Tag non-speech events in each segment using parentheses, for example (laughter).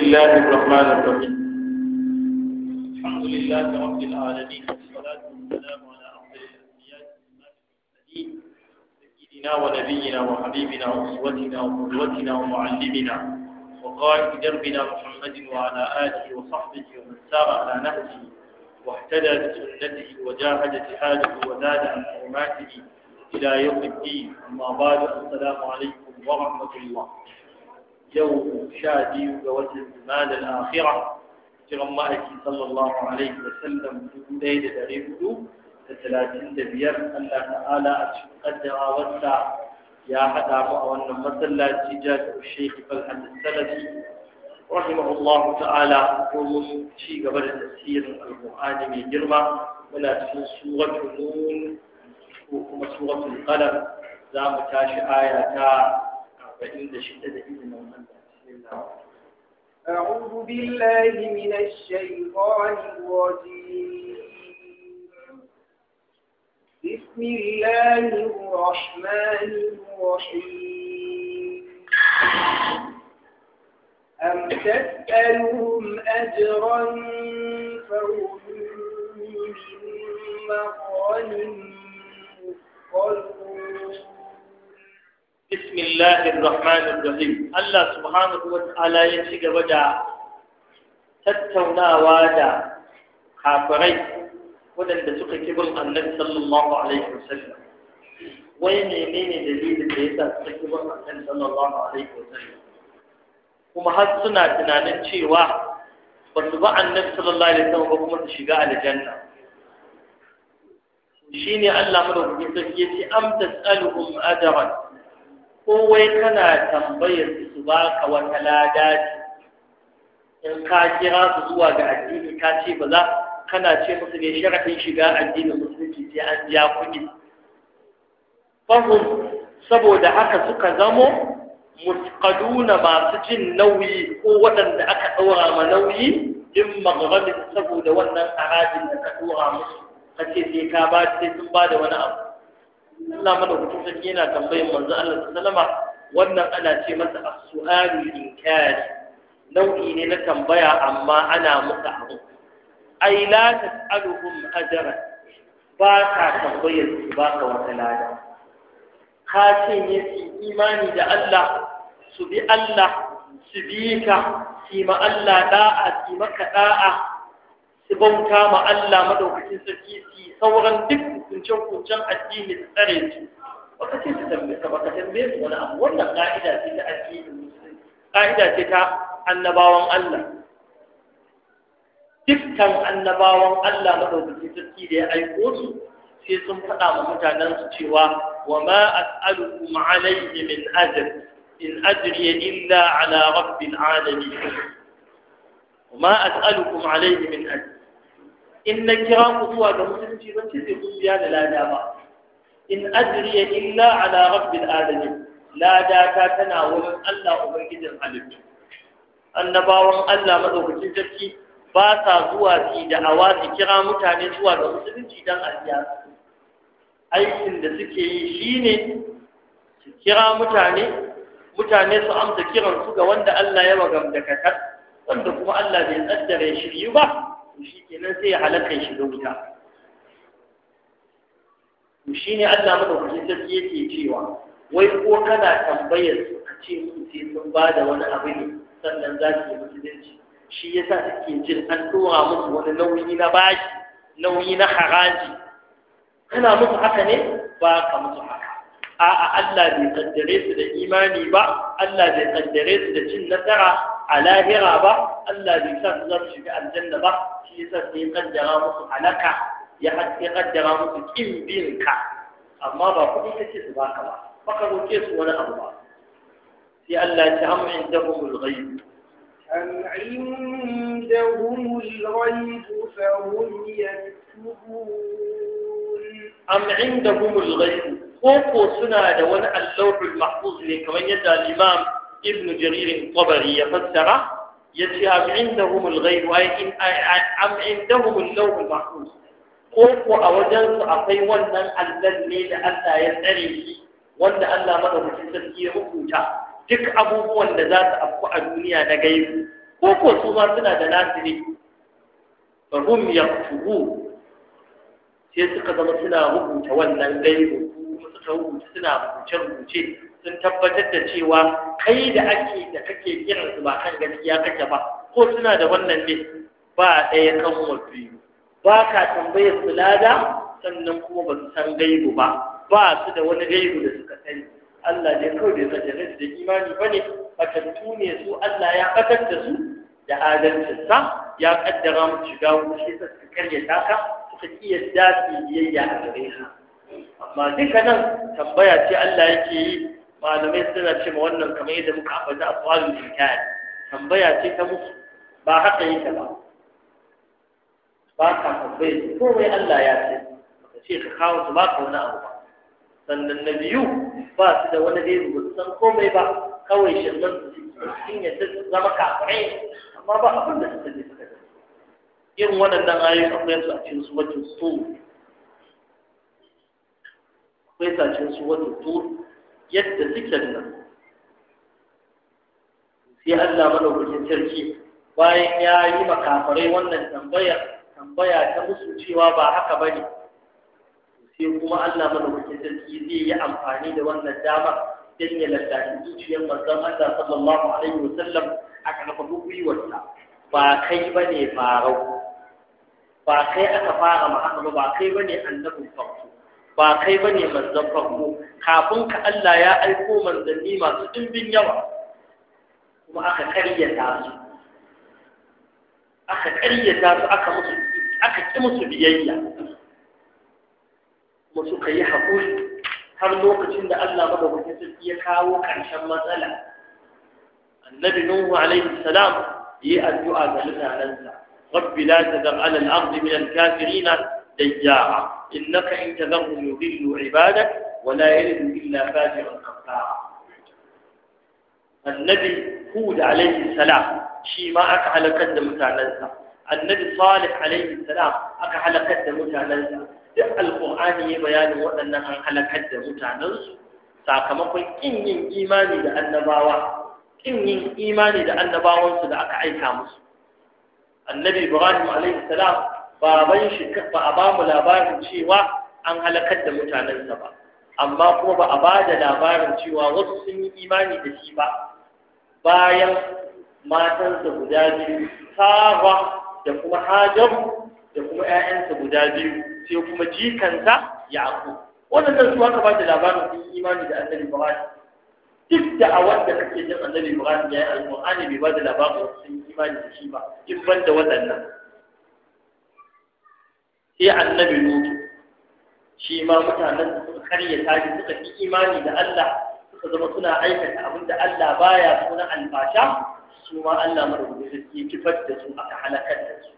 الله الرحمن الرحيم الحمد لله رب العالمين والصلاة والسلام على أفضل الأنبياء والمرسلين سيدنا ونبينا وحبيبنا وأسوتنا وقدوتنا ومعلمنا وقائد دربنا محمد وعلى آله وصحبه ومن سار على نهجه واهتدى بسنته وجاهد جهاده وزاد عن حرماته إلى يوم الدين أما بعد السلام عليكم ورحمة الله yau sha biyu ga watan jimalar akhira jiran ma'aiki sallallahu alaihi wa sallam dubu ɗaya da ɗari hudu da talatin da biyar Allah ta'ala a cikin ya haɗa mu a wannan masallaci jami'ar Sheikh Falhat Salafi رحمه gaba da ومن شيء mai girma muna cikin جرمة ولا في سورة النون وكما سورة القلم tashi تاش أربعين شدة إذن الله أعوذ بالله من الشيطان الرجيم بسم الله الرحمن الرحيم أم تسألهم أجرا فهم من مغرم مثقلون بسم الله الرحمن الرحيم الله سبحانه وتعالى يشيغ بدا تتونا وادا كافري ودن دسوك كبر النبي صلى الله عليه وسلم وين يمين دليل بيسا تكبر النبي صلى الله عليه وسلم kuma har suna tunanin cewa ba su ba annabi sallallahu alaihi wasallam ba kuma su shiga aljanna shine Allah madaukakin sarki yace am tasaluhum ajran ko wai kana tambayar su su ka wata lada in ka kira su zuwa ga addini ka ce ba za kana ce musu ne sharafin shiga addinin musulunci sai an biya kuɗi fahim saboda haka suka zamo mutqaduna masu jin nauyi ko waɗanda aka ɗora ma nauyi in magharabin saboda wannan da ka ɗora musu kace sai ka ba sai sun ba da wani abu Allah madaukakin sarki yana tambayin manzo Allah sallama wannan ana ce masa as-su'alu inkari nau'i ne na tambaya amma ana muka abu ai la tas'aluhum ajra ba ka tambayar su ba ka wata lada ka ce ne su imani da Allah su bi Allah su bi ka su ma Allah da'a su maka da'a su bauta ma Allah madaukakin sarki su sauran duk hukuncen hukuncen addini su tsare su baka ce su tambaye baka tambaye su wani abu wannan ka'ida ce ta addini ka'ida ce ta annabawan Allah dukkan annabawan Allah madaukakin sarki da ya aiko su sai sun faɗa ma mutanen su cewa wa ma as'alukum alayhi min ajr in ajriya illa ala rabbil alamin وما أسألكم عليه من أجل in na kira ku zuwa ga musulunci don ce sun biya da lada ba in ajriya illa ala rabbil alamin lada ta tana wurin Allah ubangijin halittu annabawan Allah madaukakin sarki ba sa zuwa su da hawa su kira mutane zuwa ga musulunci dan aljiya aikin da suke yi shine su kira mutane mutane su amsa kiransu ga wanda Allah ya wagamdakatar wanda kuma Allah bai tsaddare shiryu ba shi kenan sai ya halaka ya shiga wuta to shi ne Allah madaukakin sarki yake cewa wai ko kana tambayar su ka ce musu sai sun ba da wani abu ne sannan za su yi musulunci shi yasa suke jin an ɗora musu wani nauyi na bashi nauyi na haraji kana musu haka ne ba ka musu haka a'a Allah bai kaddare su da imani ba Allah bai kaddare su da cin nasara a lahira ba Allah bai sa su za shiga aljanna ba shi yasa sai ya kaddara musu halaka ya ya kaddara musu kin ka amma ba kuɗi kace su baka ba baka roke su wani abu ba sai Allah ya ce amma indahumul ghaib أم عندهم الغيب فهم يكتبون أم koko suna da wani دون اللوح المحفوظ كمان يدى الإمام Ibnu jarir tabari ya fassara yace am indahum al-ghayb wa am indahum al-lawh al-mahfuz ko ko a wajen su akwai wannan allan ne da Allah ya tsare shi wanda Allah madaukakin sarki ya hukunta duk abubuwan da za su afku a duniya na gaibu ko ko su ma suna da nasu ne fa hum yaqtubu sai suka zama suna rubuta wannan gaibu kuma suka rubuta suna rubuce rubuce sun tabbatar da cewa kai da ake da kake kiran su ba kan gaskiya kake ba ko suna da wannan ne ba ɗaya kan biyu ba ka tambayar su lada sannan kuma ba su san gaibu ba ba su da wani gaibu da suka sani Allah ne kawai bai sajjare su da imani ba ne Matattu ne su Allah ya ɓatar da su da adalcinsa ya ƙaddara mu shiga wuce sa su karya taka suka iya dace biyayya a gare shi amma duka nan tambaya ce Allah yake yi malamai suna ce ma wannan kamar yadda muka ambata a kwalin jirgin tambaya ce ta musu ba haka yake ba ba ka tambaye komai Allah ya ce ka ce ka kawo su ba ka wani abu ba sannan na biyu ba su da wani dai ba san komai ba kawai shirman su sun yadda su zama kafirai amma ba abin da suka je suka da irin waɗannan ayoyi akwai su a cikin su wajen su akwai su a cikin su wajen su yadda suke nan sai Allah madaukakin sarki bayan ya yi makafarai wannan tambaya tambaya ta musu cewa ba haka ba ne sai kuma Allah madaukakin sarki zai yi amfani da wannan dama don ya lallashi zuciyar manzon Allah sallallahu alaihi wa sallam a karfafa gwiwarsa ba kai ba ne farau ba kai aka fara ma ba ba kai ba ne annabin farko ba kai bane manzon farko kafin ka Allah ya aiko manzanni masu dimbin yawa kuma aka karyata su aka karyata su aka musu aka ki musu biyayya kuma suka yi haƙuri har lokacin da Allah madaukakin sarki ya kawo ƙarshen matsala annabi nuhu alaihi salam yi addu'a ga mutanensa rabbi la tadar ala al-ardi min al-kafirin ديارا إنك إن تذرهم يضل عبادك ولا يلد إلا فاجرا كفارا النبي هود عليه السلام شي ما أك كد متعنزة النبي صالح عليه السلام أك كد متعنزة duk alƙur'ani ya bayani waɗannan an halakar mutanensu sakamakon ƙin yin imani da annabawa yin imani da annabawansu da aka aika musu annabi ibrahim alaihi salam baban shi ba a bamu labarin cewa an halakar da mutanensa ba amma kuma ba a ba da labarin cewa wasu sun yi imani da shi ba bayan matansa guda biyu saba da kuma hajar da kuma 'ya'yansa guda biyu sai kuma jikansa yaƙo waɗannan su aka ba da labarin sun yi imani da annabi ibrahim duk da a wanda kake jin annabi ibrahim ya yi alƙur'ani bai ba da labarin sun yi imani da shi ba in ban da waɗannan sai annabi lutu shi ma mutanen suka karya tashi suka fi imani da Allah suka zama suna aikata abin da Allah baya so na albasha su ma Allah madaukakin sarki kifar da su aka halakar da su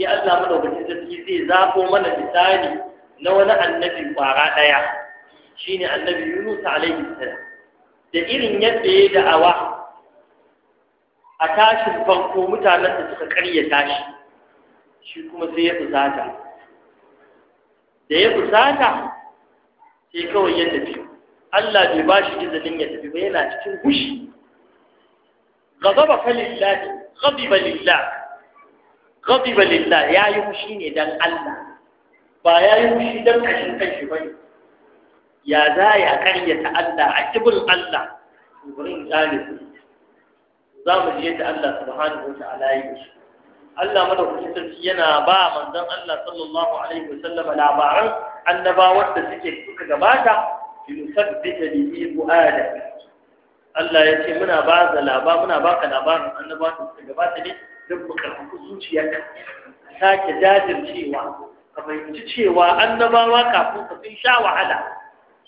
sai Allah madaukakin sarki zai zabo mana misali na wani annabi kwara daya shine annabi Yunus alaihi salam da irin yadda ya da'awa a tashin farko mutanen da suka karya tashi. shi kuma sai ya fusata da ya fusata sai kawai ya tafi Allah bai ba shi izinin ya tafi ba yana cikin fushi lillahi ghadiba lillah ghadiba lillah ya yi kushi ne dan Allah ba ya yi fushi dan kashin kanshi ba ya za ya karyata Allah a kibul Allah gurin zalimi za mu je da Allah subhanahu wa ta'ala yi shi Allah madaukakin sarki yana ba manzon Allah sallallahu alaihi wasallam labaran annabawan da suke suka gabata yusabbita bihi fuada Allah ya ce muna ba da laba muna baka labarin annabawan da suka gabata ne don mu karɓi zuciyarka sake jajircewa ka fahimci cewa annabawa kafin ka sun sha wahala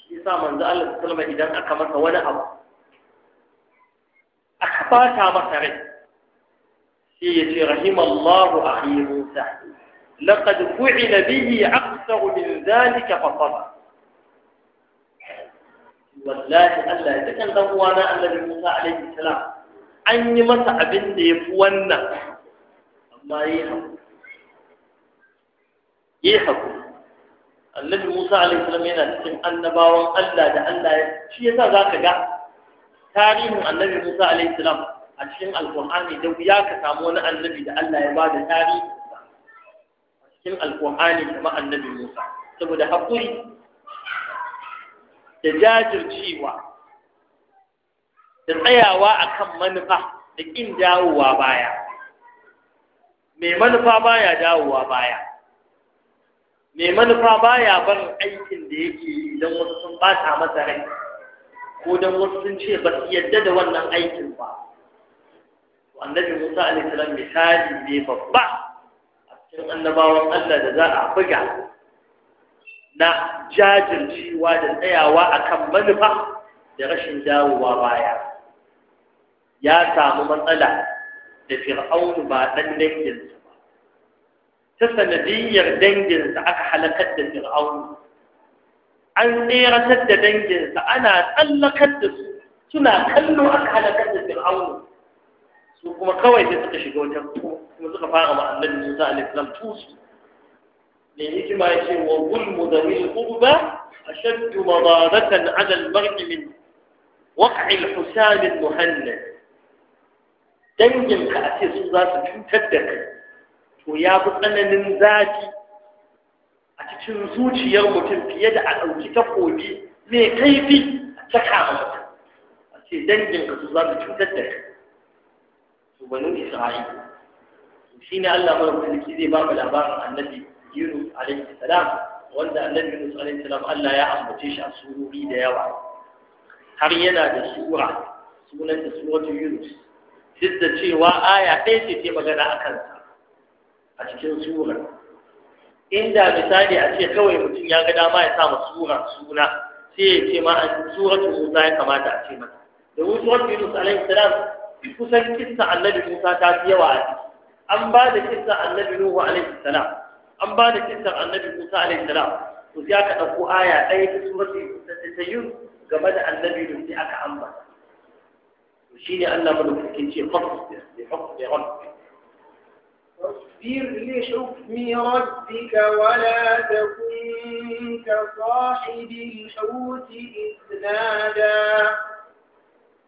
shi yasa manzo Allah sallallahu alaihi wasallam idan aka masa wani abu aka fata masa rai sai ya ce rahimallahu akhi Musa laqad fu'ila bihi aqsaru min zalika fa wallahi Allah ya kan dan uwana Annabi Musa alaihi salam an yi masa abin da yafi wannan amma yi hakuri yi Annabi Musa alaihi salam yana cikin annabawan Allah da Allah ya shi yasa zaka ga tarihin Annabi Musa alaihi salam a cikin alkur'ani da wuya ka samu wani annabi da Allah ya bada tarihi a cikin alkur'ani kamar annabi Musa saboda haƙuri, da jajircewa da tsayawa akan manufa da ƙin dawowa baya mai manufa baya dawowa baya mai manufa baya ban aikin da yake idan wasu sun bata masa rai ko don wasu sun ce ba su yadda da wannan aikin ba annabi Musa alaihi misali ne babba a cikin annabawan Allah da za a buga na jajircewa da tsayawa akan manufa da rashin dawowa baya ya samu matsala da fir'aunu ba ɗan danginsa ba ta sanadiyyar danginsa aka halakar da fir'aunu an tseratar da danginsa ana tsallakar da su suna kallo aka halakar da fir'aunu su kuma kawai sai suka shiga wajen kuma suka fara ma annabi Musa alaihi salam tusu ne hikima ya ce wa zulmu da mil qurba madaratan ala al mar'i min waqi al husam al muhannad dangin ka a ce su za su cutar da kai to ya fi tsananin zafi a cikin zuciyar mutum fiye da a ɗauki takobi mai kaifi a caka ma mutum a ce dangin ka su za su cutar da kai su banu isra'il shi ne Allah mulki zai ba mu labarin annabi Yunus alaihi salam wanda annabi Yunus alaihi salam Allah ya ambace shi a surori da yawa har yana da sura sunan da suratul Yunus duk da cewa aya ɗaya ce ce magana a kansa a cikin sura inda misali a ce kawai mutum ya ga dama ya sa ma sura suna sai ya ce ma suratul Musa ya kamata a ce mata domin suratul Yunus alaihi salam kusan kisa annabi Musa ta fi yawa an ba da kissa annabi Nuhu alaihi salam an ba da annabi Musa alaihi salam to sai aka dauko aya ɗaya ta ta yi game da annabi da sai aka amma to shine Allah madaukakin ce فاصبر لحكم ولا تكن كصاحب الحوت إذ نادى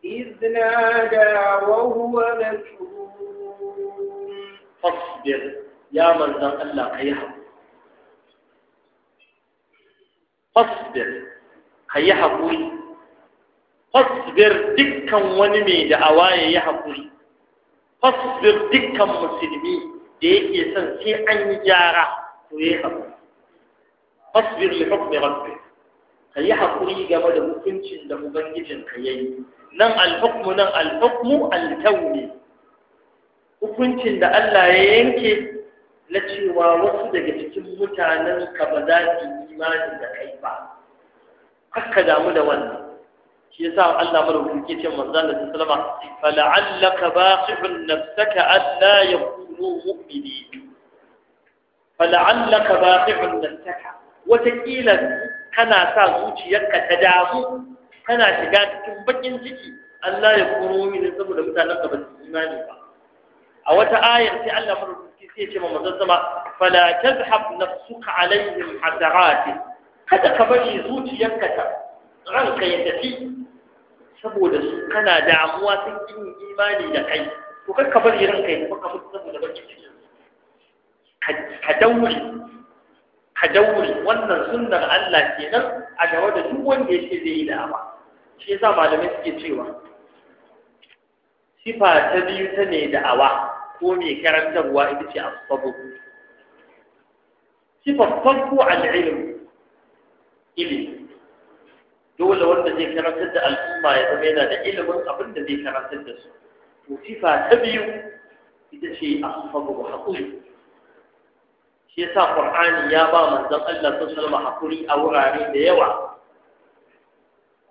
إذ نادى وهو مسؤول فاصبر يا من ذا ألا قيها فاصبر قيها قوي فاصبر دكا ونمي دعوايا يا قوي فاصبر دكا مسلمي ديك يسنسي عن جارة ويها قوي فاصبر لحكم ربك قيها قوي قبل مكنش لمبنجج قيها nan alhukmu nan alhukmu alkauni hukuncin da Allah ya yanke na cewa wasu daga cikin mutanen ka ba za su imani da kai ba kakka damu da wannan shi yasa Allah madaukakin ke ce manzo Allah sallama fala'allaka baqihun nafsaka alla yakunu mu'minin fala'allaka baqihun nafsaka wataƙila kana sa zuciyarka ta damu kana shiga cikin bakin ciki Allah ya koro mini saboda mutanen ka ba su imani ba a wata ayar sai Allah madaukaki sai ya ce ma manzon sama fala tazhab nafsuka alaihim hasarat kada ka bari zuciyarka ta ranka ya tafi saboda su kana damuwa sun kin imani da kai to kar ka bari ranka ya tafi ka mutu saboda bakin ciki ka daure ka daure wannan sunnar Allah kenan a gaba da duk wanda yake zai yi da'awa shi yasa malamai suke cewa sifa ta biyu ta ne da awa ko mai karantarwa ita ce asabu sifa farko al'ilm ilimi dole wanda zai karantar da al'umma ya zama yana da ilimin abin da zai karantar da su to sifa ta biyu ita ce asabu haƙuri shi yasa qur'ani ya ba manzon Allah sallallahu alaihi haƙuri a wurare da yawa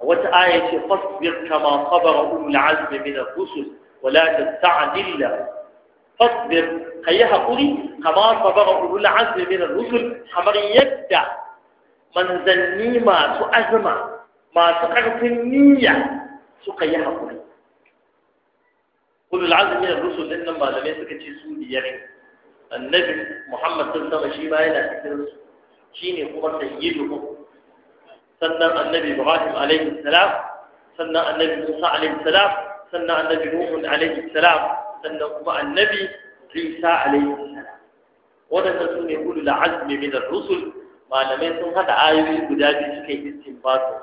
وات آية فاصبر كما صبر أولو العزم من الرسل ولا تستعد الله فاصبر خيها قولي كما صبر أولو العزم من الرسل حمر يبدع من ذني ما تؤزم ما تقرف النية سقيها قولي أولو العزم من الرسل إنما لم يسك تسودي يعني النبي محمد صلى الله عليه وسلم شيء ما يلا تكرسه شيني قوة سيدهم sannan annabi ibrahim alaihi salam sannan annabi musa alaihi salam sannan annabi nuhu alaihi salam sannan kuma annabi isa alaihi salam wadannan su ne ulul azmi min ar-rusul malamai sun hada ayoyi guda biyu suka yi istinbatun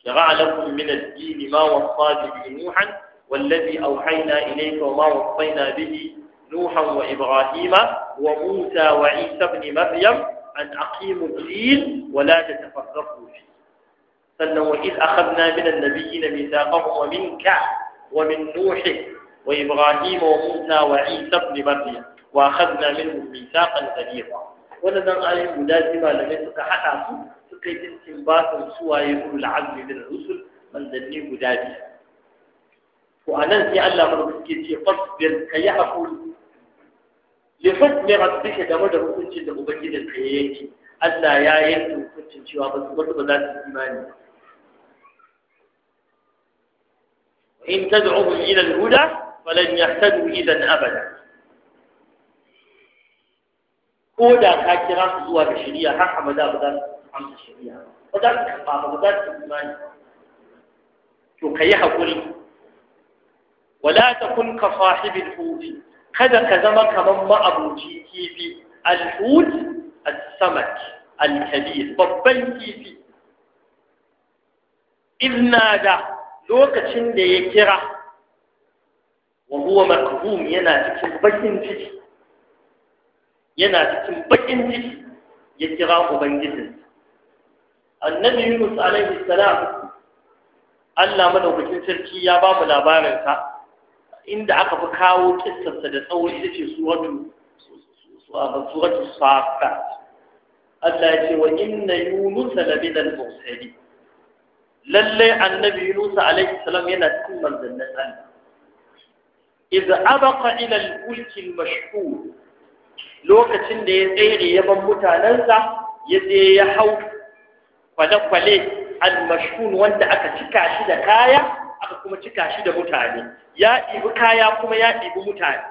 su shara'a lakum min ad-din ma wasa bihi nuhan والذي أوحينا إليك وما وصينا به نوحا وإبراهيم وموسى وعيسى ابن مريم أن أقيموا الدين ولا تتفرقوا فيه سنة وإذ أخذنا من النبيين ميثاقهم ومنك ومن نوح وإبراهيم وموسى وعيسى بن مريم وأخذنا منهم ميثاقا غليظا ولدن آية ملازمة لم حتى سكيت استنباط سوى يقول العزم من الرسل من ذني ملازمة وأنا في الله من سكيت فاصبر كي أقول ya fi ne a duka da hukunci da ubangiji ka yi Allah ya yi hukuncin cewa ba su wata ba za su imani in ta da'uhu ila al-huda falan yahtadu idan abada ko da ka kira zuwa ga shari'a har hamada ba za su amsa shari'a ba za su kafa ba za su imani to kayi wala takun ka sahibi al kada ka zama kamar ma'abuci kifi al-hud as-samak al-kabir babban kifi idna da lokacin da ya kira wa huwa makhum yana cikin bakin ciki yana cikin bakin ciki ya kira ubangijin annabi yunus alaihi salam Allah madaukakin sarki ya ba mu labarin sa inda aka fi kawo kissarsa da tsawo ita ce suratu suratu safa Allah ya ce wa inna yunus la min al mursali lalle annabi yunus alaihi salam yana cikin manzannin Allah idza abaqa ila al fulk al mashhur lokacin da ya tsere ya ban mutanansa ya je ya hau kwale-kwale al mashhur wanda aka cika shi da kaya aka kuma cika shi da mutane ya ɗibi kaya kuma ya ɗibi mutane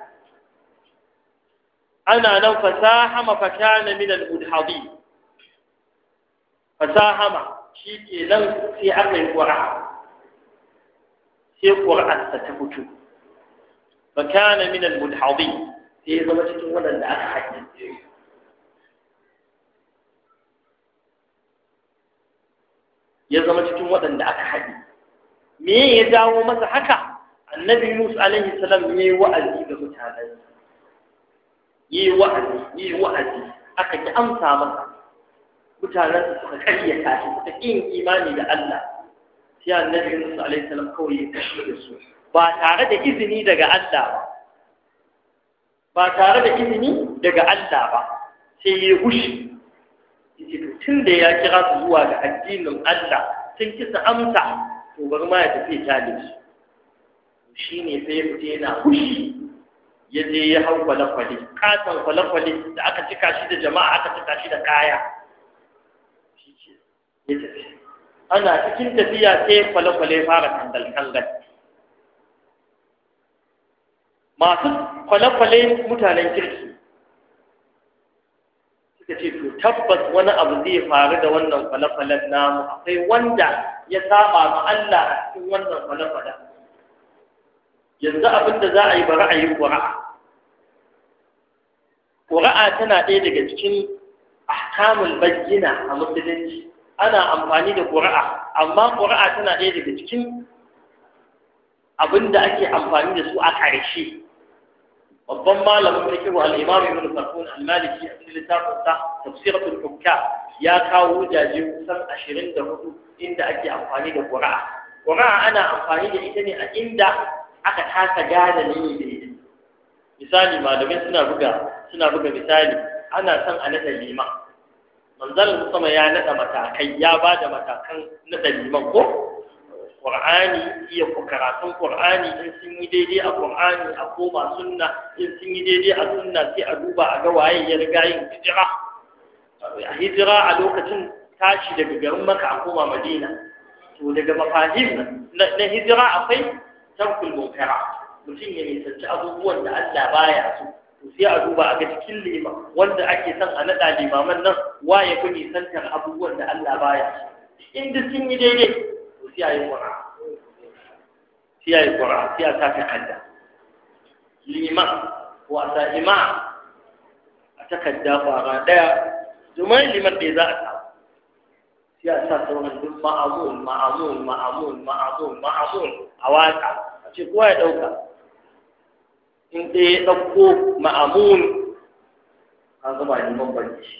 ana nan fasahama fakana min al-mudhadi fasahama shi ke nan sai aka yi qur'a sai ƙura'arsa ta fito fakana min al-mudhadi sai ya zama cikin waɗanda aka haddace ya zama cikin wadanda aka haɗe me ya dawo masa haka annabi musa alaihi salam ya yi wa'azi ga mutanen yi wa'azi yi wa'azi aka ki amsa masa mutanen su suka karya tashi suka yin imani da Allah sai annabi musa alaihi salam kawai ya kashe da su ba tare da izini daga Allah ba ba tare da izini daga Allah ba sai ya hushi tun da ya kira su zuwa ga addinin Allah sun kisa amsa to bari ma ya tafi tali shi ne sai ya fita yana hushi ya je ya hau kwale-kwale katon kwale-kwale da aka cika shi da jama'a aka cika shi da kaya ya tafi ana cikin tafiya sai kwale-kwale fara kangal-kangal masu kwale-kwale mutanen kirki suka ce to tabbas wani abu zai faru da wannan falafalan namu akwai wanda ya saba ma Allah a cikin wannan falafalan yanzu abin da za a yi bari a yi ƙura'a ƙura'a tana ɗaya daga cikin ahkamul bayyina a musulunci ana amfani da ƙura'a amma ƙura'a tana ɗaya daga cikin abin da ake amfani da su a ƙarshe babban malamin fikihu al-imam ibn sarfun al-maliki a cikin littafin sa tafsiratul hukka ya kawo jaje kusan 24 inda ake amfani da qura'a qura'a ana amfani da ita ne a inda aka kasa gane ne da ita misali malamai suna buga misali ana son a nada liman manzalin sama ya nada matakai ya ba da matakan naɗa liman ko Ƙur'ani iya karatun Ƙur'ani. in sun yi daidai a Ƙur'ani a koma sunna in sun yi daidai a sunna sai a duba a ga waye ya riga yin hijira a hijira a lokacin tashi daga garin maka a koma Madina to daga mafahim na hijira akwai tarkul munkara mutum ya nisanci abubuwan da Allah baya so to sai a duba a ga cikin lima wanda ake son a naɗa limaman nan waye ku nisantar abubuwan da Allah baya so in duk sun yi daidai sai a yi ƙura sai a yi ƙura sai a sa takarda liman ko a sa imam a takarda ƙwara ɗaya domin liman ɗaya za a samu sai a sa sauran duk ma'amun ma'amun ma'amun ma'amun ma'amun a watsa a ce kowa ya ɗauka in ɗaya ya ɗauko ma'amun an zama liman barci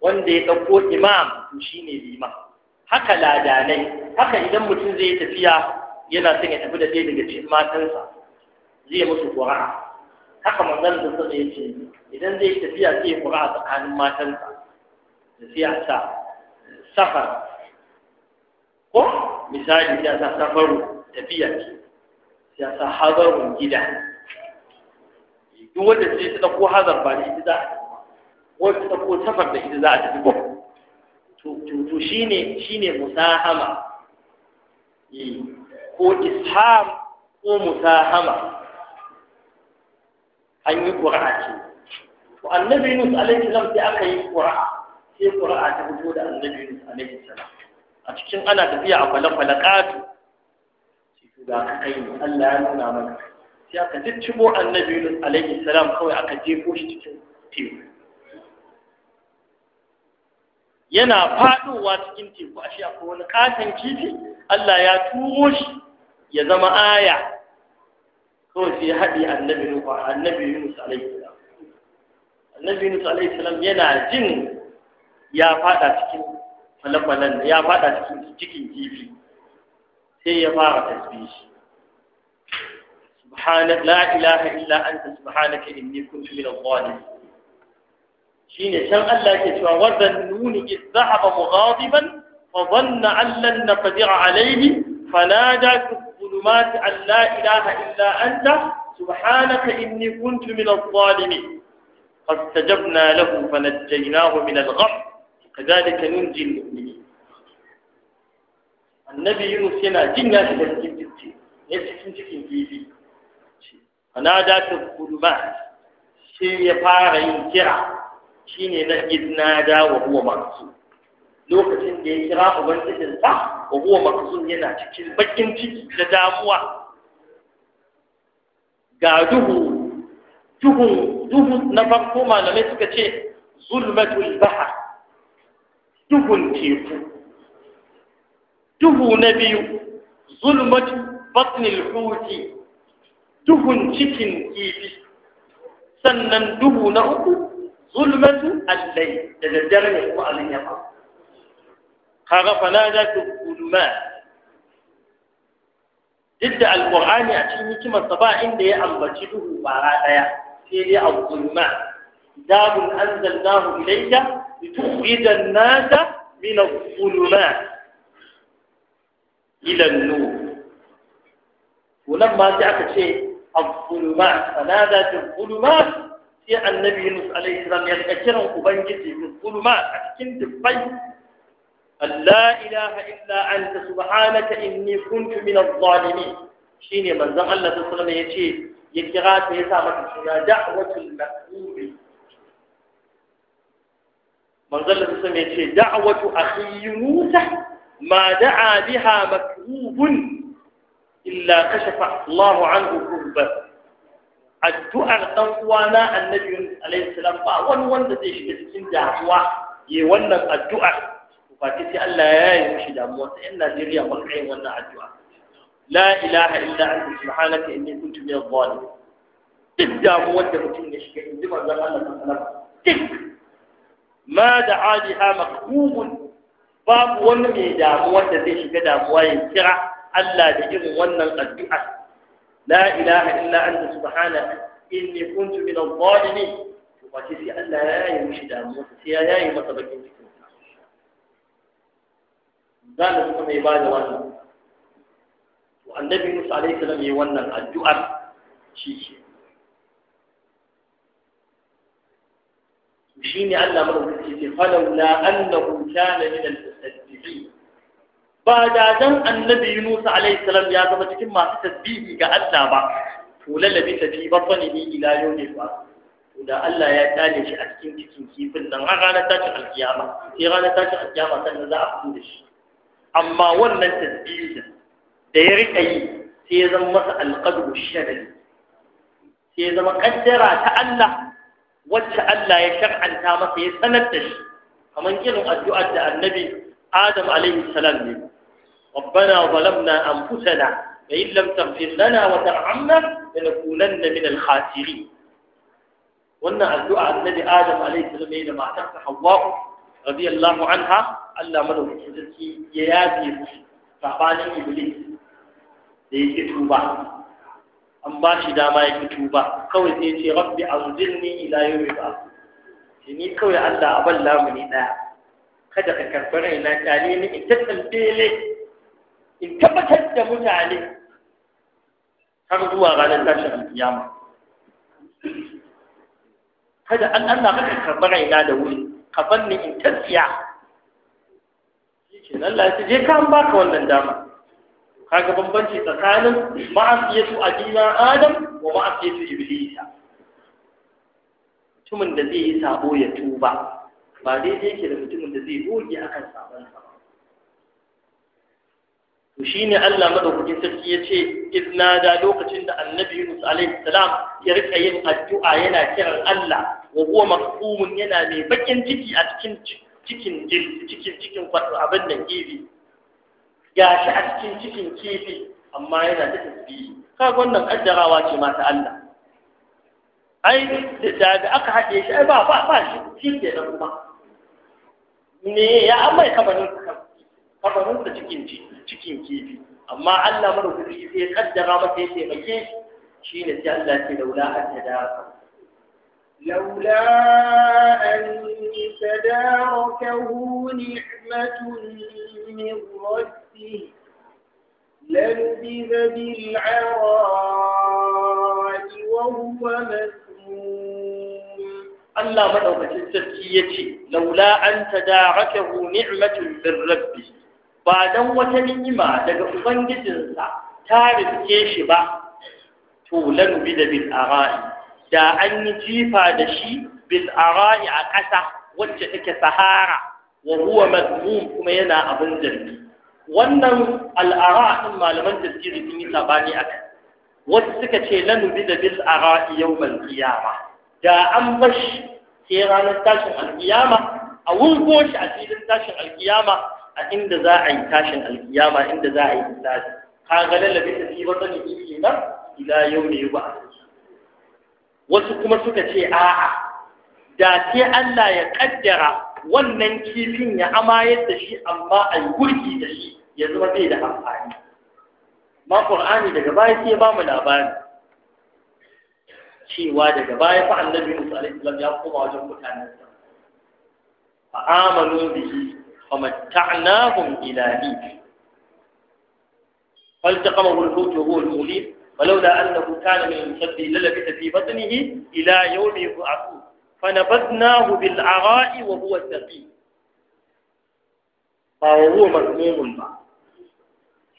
wanda ya ɗauko imam to shi ne liman haka ladanai haka idan mutum zai tafiya yana son ya tafi da ɗaya daga cikin matansa zai musu ƙura'a haka manzon da ya ce idan zai tafiya zai yi ƙura'a tsakanin matansa da sai sa safar ko misali sai sa safaru tafiya ce sai sa hazarun gida duk wanda sai ta ɗauko hazar ba da ita za a tafi ko ta ɗauko safar da ita za a tafi ko to shine shine musahama e, ko isham ko musahama an yi ƙura'a ce to annabi Nus alaihi salam sai aka yi ƙura'a sai ƙura'a ta fito da annabi Nus alaihi salam a cikin ana tafiya a kwale-kwale ƙato sai ga ka kai Allah ya nuna mana sai aka ciccibo annabi Yunus alaihi salam kawai aka jefo shi cikin teku yana faɗowa cikin teku a shi akwai wani katon kifi Allah ya turo shi ya zama aya kawai sai ya haɗe annabi Nuhu annabi Yunus alaihi salam annabi Yunus alaihi salam yana jin ya faɗa cikin falafalan ya faɗa cikin cikin kifi sai ya fara tasbihi سبحانك لا إله subhanaka أنت ne إني كنت من الظالمين shine can Allah yake cewa wadan nuni iz zahaba mughadiban fa dhanna an lan naqdira alayhi fanada fi dhulumat an la ilaha illa anta subhanaka inni kuntu min adh-dhalimin فاستجبنا له فنجيناه من الغم كذلك ننجي المؤمنين Annabi Yunus yana jin ya shiga cikin titi ne cikin cikin kifi ana da ta kulma sai ya fara yin kira Shi ne na da wa huwa maqsud lokacin da ya kira ubangijin sa wa huwa maqsud yana cikin bakin ciki da damuwa ga duhu duhu duhu na farko malamai suka ce zulmatul bahar duhun teku duhu na biyu zulmatu batnil huti duhun cikin kifi sannan duhu na uku ظلمة الليل إذا الدرن يقوى أن يقع خاغ فنادة الظلمات جد القرآن يأتيني كما الصباع عندي أنبتده بارادايا سيدي الظلمات كتاب أنزلناه إليك لتخرج الناس من الظلمات إلى النور ولما جاءك شيء الظلمات فنادت الظلمات sai annabi Yunus alaihi salam ya rika kiran ubangiji min kuluma a cikin dubbai Allah ilaha illa anta subhanaka inni kuntu min adh-dhalimin shine manzon Allah sallallahu alaihi wasallam yace ya kira ta ya sa mata suna da'watul maqbubi manzon Allah sallallahu alaihi yace da'watu akhi Musa ma da'a biha makrubun illa kashafa Allah anhu kurbahu addu'ar dan uwana annabi alaihi salam ba wani wanda zai shiga cikin damuwa ya wannan addu'ar ba ta sai Allah ya yi mishi damuwa sai yan Najeriya mun kai wannan addu'a la ilaha illa anta subhanaka inni kuntu min adh-dhalimin duk damuwar da mutum ya shiga in ji manzon Allah sallallahu alaihi wasallam duk ma da'a biha maqbubun babu wani mai damuwar da zai shiga damuwa ya kira Allah da irin wannan addu'ar la ilaha illa anta subhanaka inni kuntu min adh-dhalimin Allah ya yi mishi damuwa sai ya yi masa cikin sa zan suka mai ba da wannan to annabi Musa alaihi salam yi wannan addu'ar ke shine Allah madaukaki ce falawla annahu kana ba da dan annabi Yunus alaihi salam ya zama cikin masu tasbihi ga Allah ba to lalabi ta fi bafanihi ila yawmi ba to da Allah ya tsale shi a cikin cikin kifin nan har ranar tashin alkiyama sai ranar tashin alkiyama sannan za a fito da shi amma wannan tasbihi da ya rika yi sai ya zama masa alqadru sharri sai ya zama kaddara ta Allah wacce Allah ya shar'anta masa ya sanar da shi kamar irin addu'ar da annabi Adam alaihi salam ne ربنا ظلمنا أنفسنا فإن لم تغفر لنا وترحمنا لنكونن من الخاسرين وأن الدعاء النبي آدم عليه السلام إلى ما اعتقد حواء رضي الله عنها ألا منه حزتي يادي فعبان إبليس ليس توبة أم باشي داما يكتوبة قوي سيتي ربي أنزلني إلى يوم البعث ni kawai Allah abin lamuni ɗaya kada ka karɓi raina kyale ni in ta tambaye in tabbatar da mutane har zuwa ranar tashin kiyama kada an Allah maka karɓar raina da wuri ka bar ni in tafiya shi Allah ya je ka an baka wannan dama kaga bambanci tsakanin ma'asiyatu adina adam wa ma'asiyatu iblisa mutumin da zai yi sabo ya tuba ba daidai yake da mutumin da zai goge akan sabon sa to ne Allah madaukakin sarki ya ce, izna da lokacin da annabi Yunus alaihi salam ya rika yin addu'a yana kiran Allah wa huwa maqsumun yana mai bakin ciki a cikin cikin cikin cikin kwato abin nan ya shi a cikin cikin kifi amma yana da tasbihi kaga wannan kaddarawa ce mata Allah ai da da aka haɗe shi ai ba ba shi shi ke da kuma me ya amma kamar haka kabarin sa cikin cikin kifi amma Allah madaukaki sai ya kaddara masa ya taimake shi shine sai Allah ya ce laula an tadaka لولا أن تداركه نعمة من ربه لنبذ بالعراء وهو مسموم الله مدعوك تسكيتي لولا أن تداركه نعمة من ربه ba don wata ni'ima daga ubangijinsa ta riske shi ba to lanu bi da bil ara'i da an yi jifa da shi bil ara'i a ƙasa wacce take sahara wa huwa kuma yana abin zargi wannan al'ara malaman tafsiri sun yi sabani akan wasu suka ce lanu bi da bil ara'i yawmal qiyama da an bashi sai ranar tashin alkiyama a wurgo shi a filin tashin alkiyama a inda za a yi tashin alkiyama inda za a yi hisabi ka ga lalabi da fi wata ne ke nan ila yau ne ba wasu kuma suka ce a'a da sai Allah ya kaddara wannan kifin ya ama yadda shi amma a yi gurki da shi ya zama bai da amfani ma qur'ani daga baya sai ya ba mu labari cewa daga baya fa annabi Musa alaihi salam ya koma wajen mutanen sa fa amanu bihi ومتعناهم إلى نيف فالتقمه الحوت وهو المليف ولولا أنه كان من المسد للبث في بطنه إلى يوم يبعثون فنبذناه بالعراء وهو سقيم فهو مذموم ما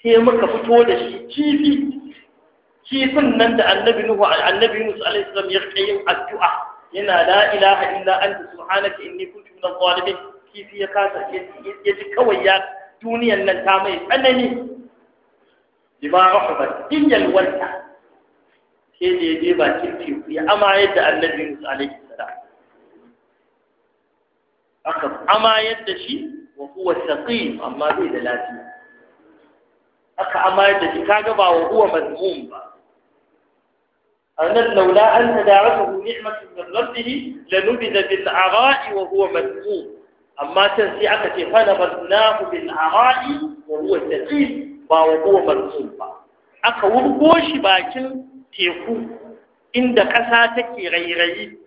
هي مكة فتولة شيء shi sunan da annabi nuhu annabi musa alaihi salam ya kai addu'a yana la ilaha illa anta subhanaka inni kuntu minadh-dhalimin kifi ya kasa ya ji kawai ya duniyan nan ta mai tsanani bima rahabat in yalwanta sai da ya je bakin teku ya amayar da annabi Yunus alaihi salam aka amayar da shi wa huwa saqim amma bai da lafiya aka amayar da shi kaga ba wa huwa mazmum ba annan laula an tadarahu ni'matun min rabbih lanubida bil ara'i wa huwa mazmum amma can sai aka ce fa ku bin ara'i wa huwa saqim ba wa huwa mansub ba aka wurgo shi bakin teku inda ƙasa take rairayi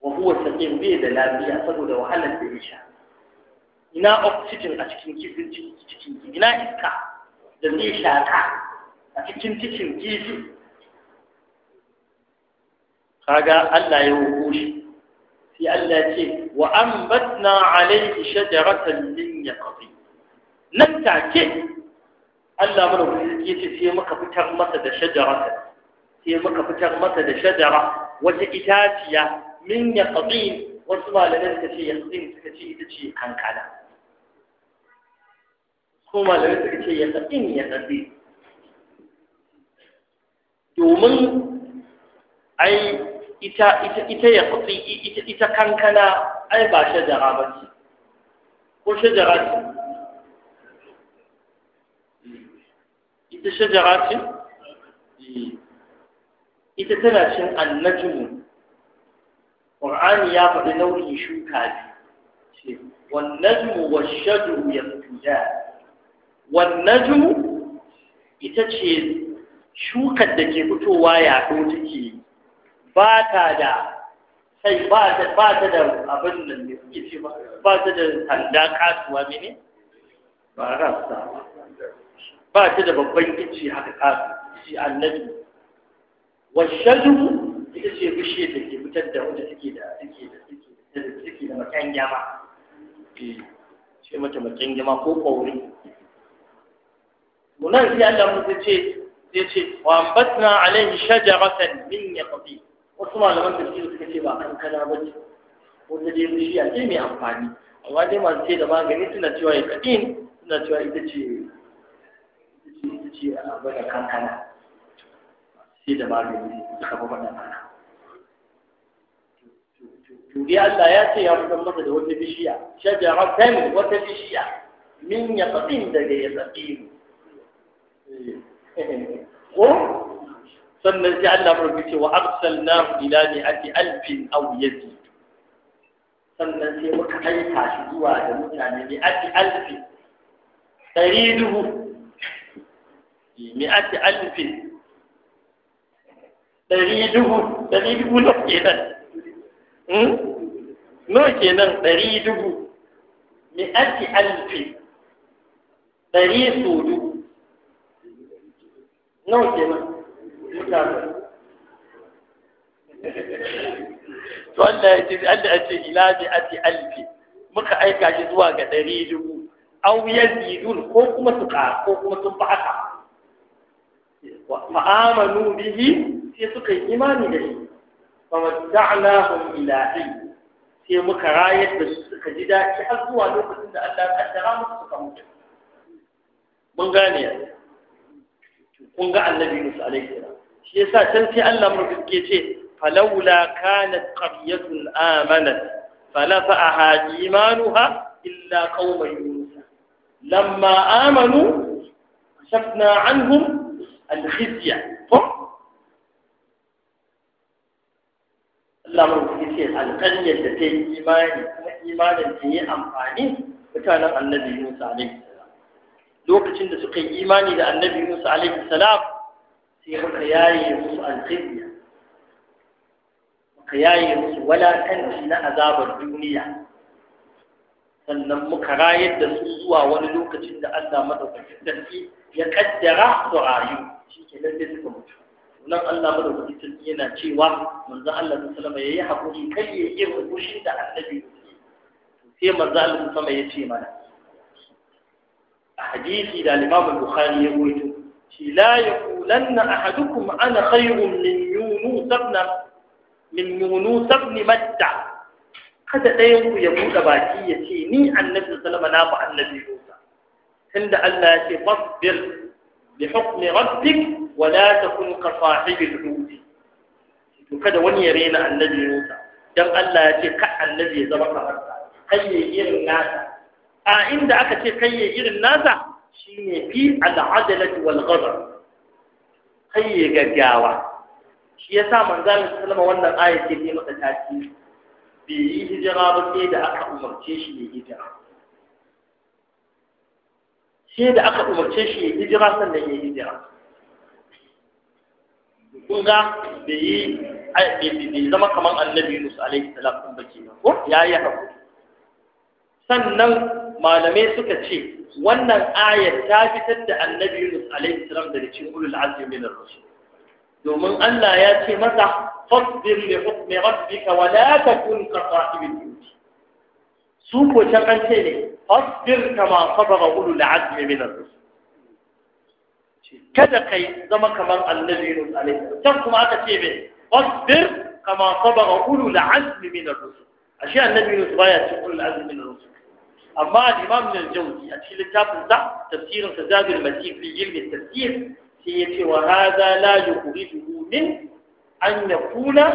wa huwa saqim bai da lafiya saboda wahalar da ya sha ina oxygen a cikin kifin cikin ina iska da zai shaka a cikin cikin kifi kaga Allah ya wurgo shi sai Allah ce wa ambatna alayhi shajaratan min yaqdi nan take Allah mana wuce ce sai muka fitar masa da shajaratan sai muka fitar masa da shajara wata itaciya min yaqdi wasu malaman suka ce yaqdi suka ce ita ce kankana ko malaman suka ce yaqdi yaqdi domin ai ita ita ita ya kutsi ita ita kankana ai ba shajara ba ce ko shajara ce ita shajara ce ita tana cin annajmu qur'ani ya faɗi nau'in shuka ce والنجم والشجر wan najmu ita ce shukar da ke fitowa yaɗo take ba ta da sai ba ta ba ta da abin da ne suke ce ba ba ta da sanda kasuwa mene ba ra sa ba ta da babban kici haka kasu shi annabi washadu ita ce bishe da ke fitar da wanda take da take da take da take da makan jama eh, ce mata makan jama ko kwauri munan sai Allah mu ce sai ce wa batna alaihi shajaratan min yaqdi wasu malaman tafsir suka ce ba kankana ba ce wanda dai bishiya ce mai amfani amma dai masu ce da magani suna cewa ya kadin suna cewa ita ce ita ce a bada kankana sai da magani suka ba bada kankana Turi Allah ya ce ya fitar masa da wata bishiya, shajaratan wata bishiya, min ya faɗin daga ya faɗi. Eh. (laughs) Ko? sannan sai Allah murfi ce wa arsalnahu ila mi'ati alfin aw yazid sannan sai muka aika shi zuwa da mutane mi'ati alfi ɗari dubu mi'ati alfin ɗari dubu ɗari dubu nawa kenan hmm? nawa kenan ɗari dubu mi'ati alfin ɗari su dubu nawa kenan to Allah ya ce Allah ya ce ila bi ati alfi muka aika shi zuwa ga ɗari dubu aw yazidun ko kuma su ka ko kuma sun fi haka fa amanu bihi sai suka yi imani da shi fa matta'nahum ila hin sai muka rayar da su suka ji daɗi har zuwa lokacin da Allah ya kaddara musu suka mutu mun gane kun ga annabi Musa alaihi salam shi yasa can sai Allah mu ke ce falawla kanat qaryatun amanat فنفعها إيمانها إلا قوم يونس لما آمنوا كشفنا عنهم الخزي Allah mun ce alƙaryar da ta yi imani kuma imanin ta yi amfani mutanen annabi Musa alaihi salam lokacin da suka yi imani da annabi Musa alaihi salam sai muka yaye musu alkhidya muka yaye musu walakanci na azabar duniya sannan muka rayar da su zuwa wani lokacin da Allah madaukakin sarki ya kaddara su rayu shi ke lalle sai suka mutu nan Allah madaukakin sarki yana cewa manzo Allah sallallahu alaihi ya yayi hakuri kai ya yi rubushi da annabi sai manzo Allah sallallahu alaihi ya ce mana a hadisi da Imam Bukhari ya rawaito ci la kulanna ahadukum ana khayrun min yunus ibn min yunus ibn matta kada ɗayan ku ya buɗe baki ya ce ni annabi salama na fa annabi Musa tunda Allah ya ce fasbir bi hukmi rabbik wa la takun ka sahibil hudi to kada wani ya rena annabi Musa dan Allah ya ce ka annabi ya zama kamar sa kai irin nasa a inda aka ce kai irin nasa Shi ne fi al'adalati wal ghadab kai ya gaggawa shi yasa manzon sallama wannan aya ce ne maka tasiri bai yi hijira ba sai da aka umarce shi ya hijira sai da aka umarce shi ya hijira sannan ya hijira kun ga bai yi zama kamar annabi Yunus alaihi salam din ba nan ko ya yi sannan malamai suka ce wannan ayar ta fitar da annabi Yunus alaihi salam da cikin ulul azmi min ar-rusul domin Allah ya ce masa fadbir li hukmi rabbika wa la takun ka sahibil jud su ko ta kance ne fadbir kama sabara ulul azmi min ar-rusul kada kai zama kamar annabi Yunus alaihi salam can kuma aka ce me fadbir kama sabara ulul azmi min ar-rusul ashe annabi Yunus baya cikin ulul azmi min ar-rusul amma al-imam al-jawzi a cikin littafin sa tafsirin sa zabil masih fi ilmi tafsir sai ya ce wa hadha la yukhrijuhu min an yakuna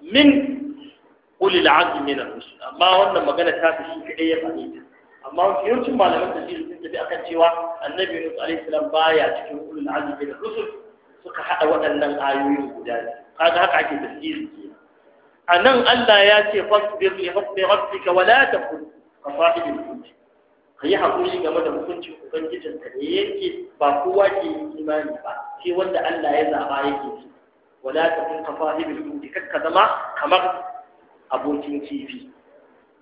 min ulil azmi min ar-rusul amma wannan magana ta fi shi kadai ya fahimta amma yawancin malaman tafsir sun tafi akan cewa annabi Yunus alaihi salam baya cikin ulil azmi min ar-rusul suka hada waɗannan ayoyin guda kaga haka ake tafsiri A nan Allah ya ce fasbir li hukmi rabbika wa la takun qasaidul kunci yi haƙuri game da hukuncin ubangijin ka ne yake ba kowa ke imani ba sai wanda Allah ya zaɓa yake ji wala takun qasaidul kunci ka zama kamar abokin kifi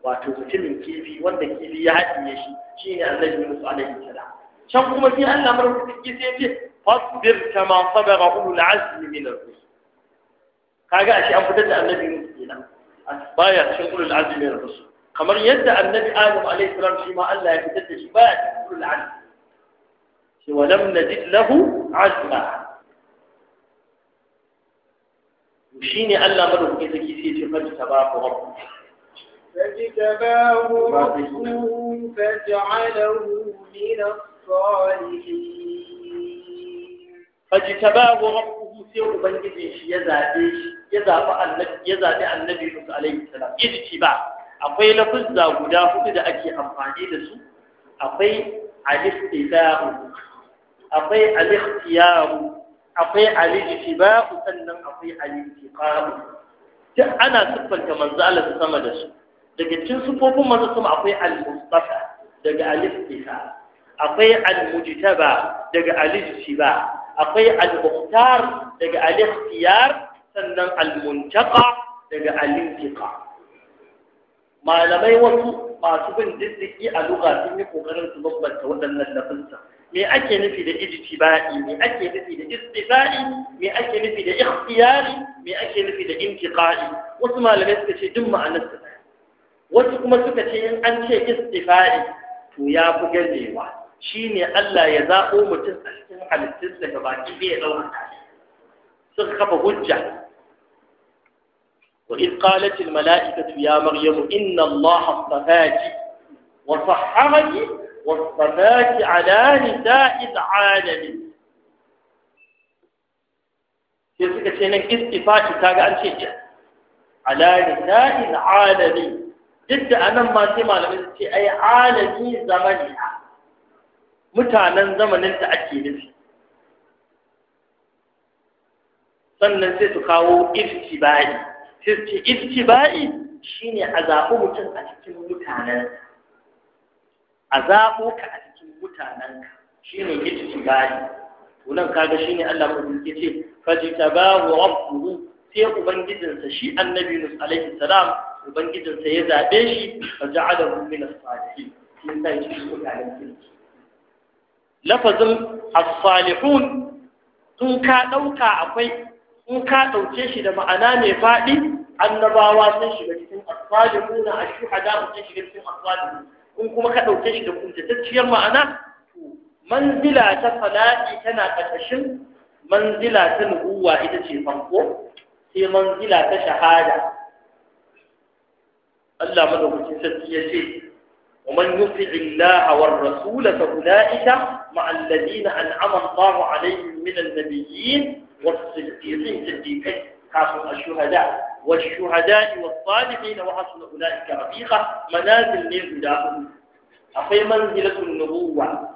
wato mutumin kifi wanda kifi ya haɗiye shi shine annabi Musa alaihi salam can kuma sai Allah marhumin kifi sai ce fasbir kama sabara ulul azmi min ar-rusul kaga ashe an fitar da annabi Musa kenan baya cikin ulul azmi min ar-rusul kamar yadda annabi adam alaihi salam shi ma Allah ya fitar da shi ba ya cikin al'an shi wa lam najid lahu azma shine Allah madaukakin sarki sai ya ce fa tabaraka rabbuk فاجتباه ربه فجعله من الصالحين فاجتباه ربه سير بنجي شي يزابي يزابي النبي يزابي النبي عليه السلام اجتباه akwai lafuzza guda hudu da ake amfani da su akwai al-istidaru akwai al-ikhtiyaru akwai al-ijtiba'u sannan akwai al-intiqaru duk ana siffanta manzo Allah sama da su daga cikin sifofin manzo sama akwai almustafa daga al-istifa akwai al daga al-ijtiba akwai al daga al-ikhtiyar sannan al daga al-intiqa malamai wasu masu bin diddiki a lugha sun yi kokarin su bambanta waɗannan lafinsa me ake nufi da ijtibai me ake nufi da istifai me ake nufi da ikhtiyari me ake nufi da intiqai wasu malamai suka ce duk ma'anar su wasu kuma suka ce in an ce istifai to ya fi ganewa shine Allah ya zaɓo mutum a cikin da gaba ɗaya ya ɗaukaka sun kafa hujja وإذ قالت الملائكة يا مريم إن الله اصطفاك وصحرك واصطفاك على نساء العالم يسكى سينك اصطفاك تاقى عن شيء على نساء العالم جد أنا ما سمع لما سكي أي عالم زمني متعنا زمن انت أكيد سنن سيتو كاو إرتباعي istiba'i shine a zaɓi mutum a cikin mutanenka a zaɓo ka a cikin mutanenka shine istiba'i to nan kaga shine Allah mu yake ce wa rabbuhu sai ubangijinsa shi annabi nus alaihi salam ubangijinsa ya zaɓe shi faja'alahu min as-salihin sai sai shi mutanen kirki lafazin as-salihun tun ka ɗauka akwai in ka ɗauke shi da ma'ana mai faɗi annabawa sun shiga cikin asalimu na ashuhada sun shiga cikin asalimu in kuma ka ɗauke shi da kuntatacciyar ma'ana manzila ta fala'i tana ƙarƙashin manzila ta nubuwa ita ce farko sai manzila ta shahada Allah madaukakin sarki ya ce ومن يطع الله والرسول فأولئك مع الذين أنعم الله عليهم من النبيين والصديقين صديقين كافوا الشهداء والشهداء والصالحين وحسن أولئك رفيقا منازل من هداهم أخي منزلة النبوة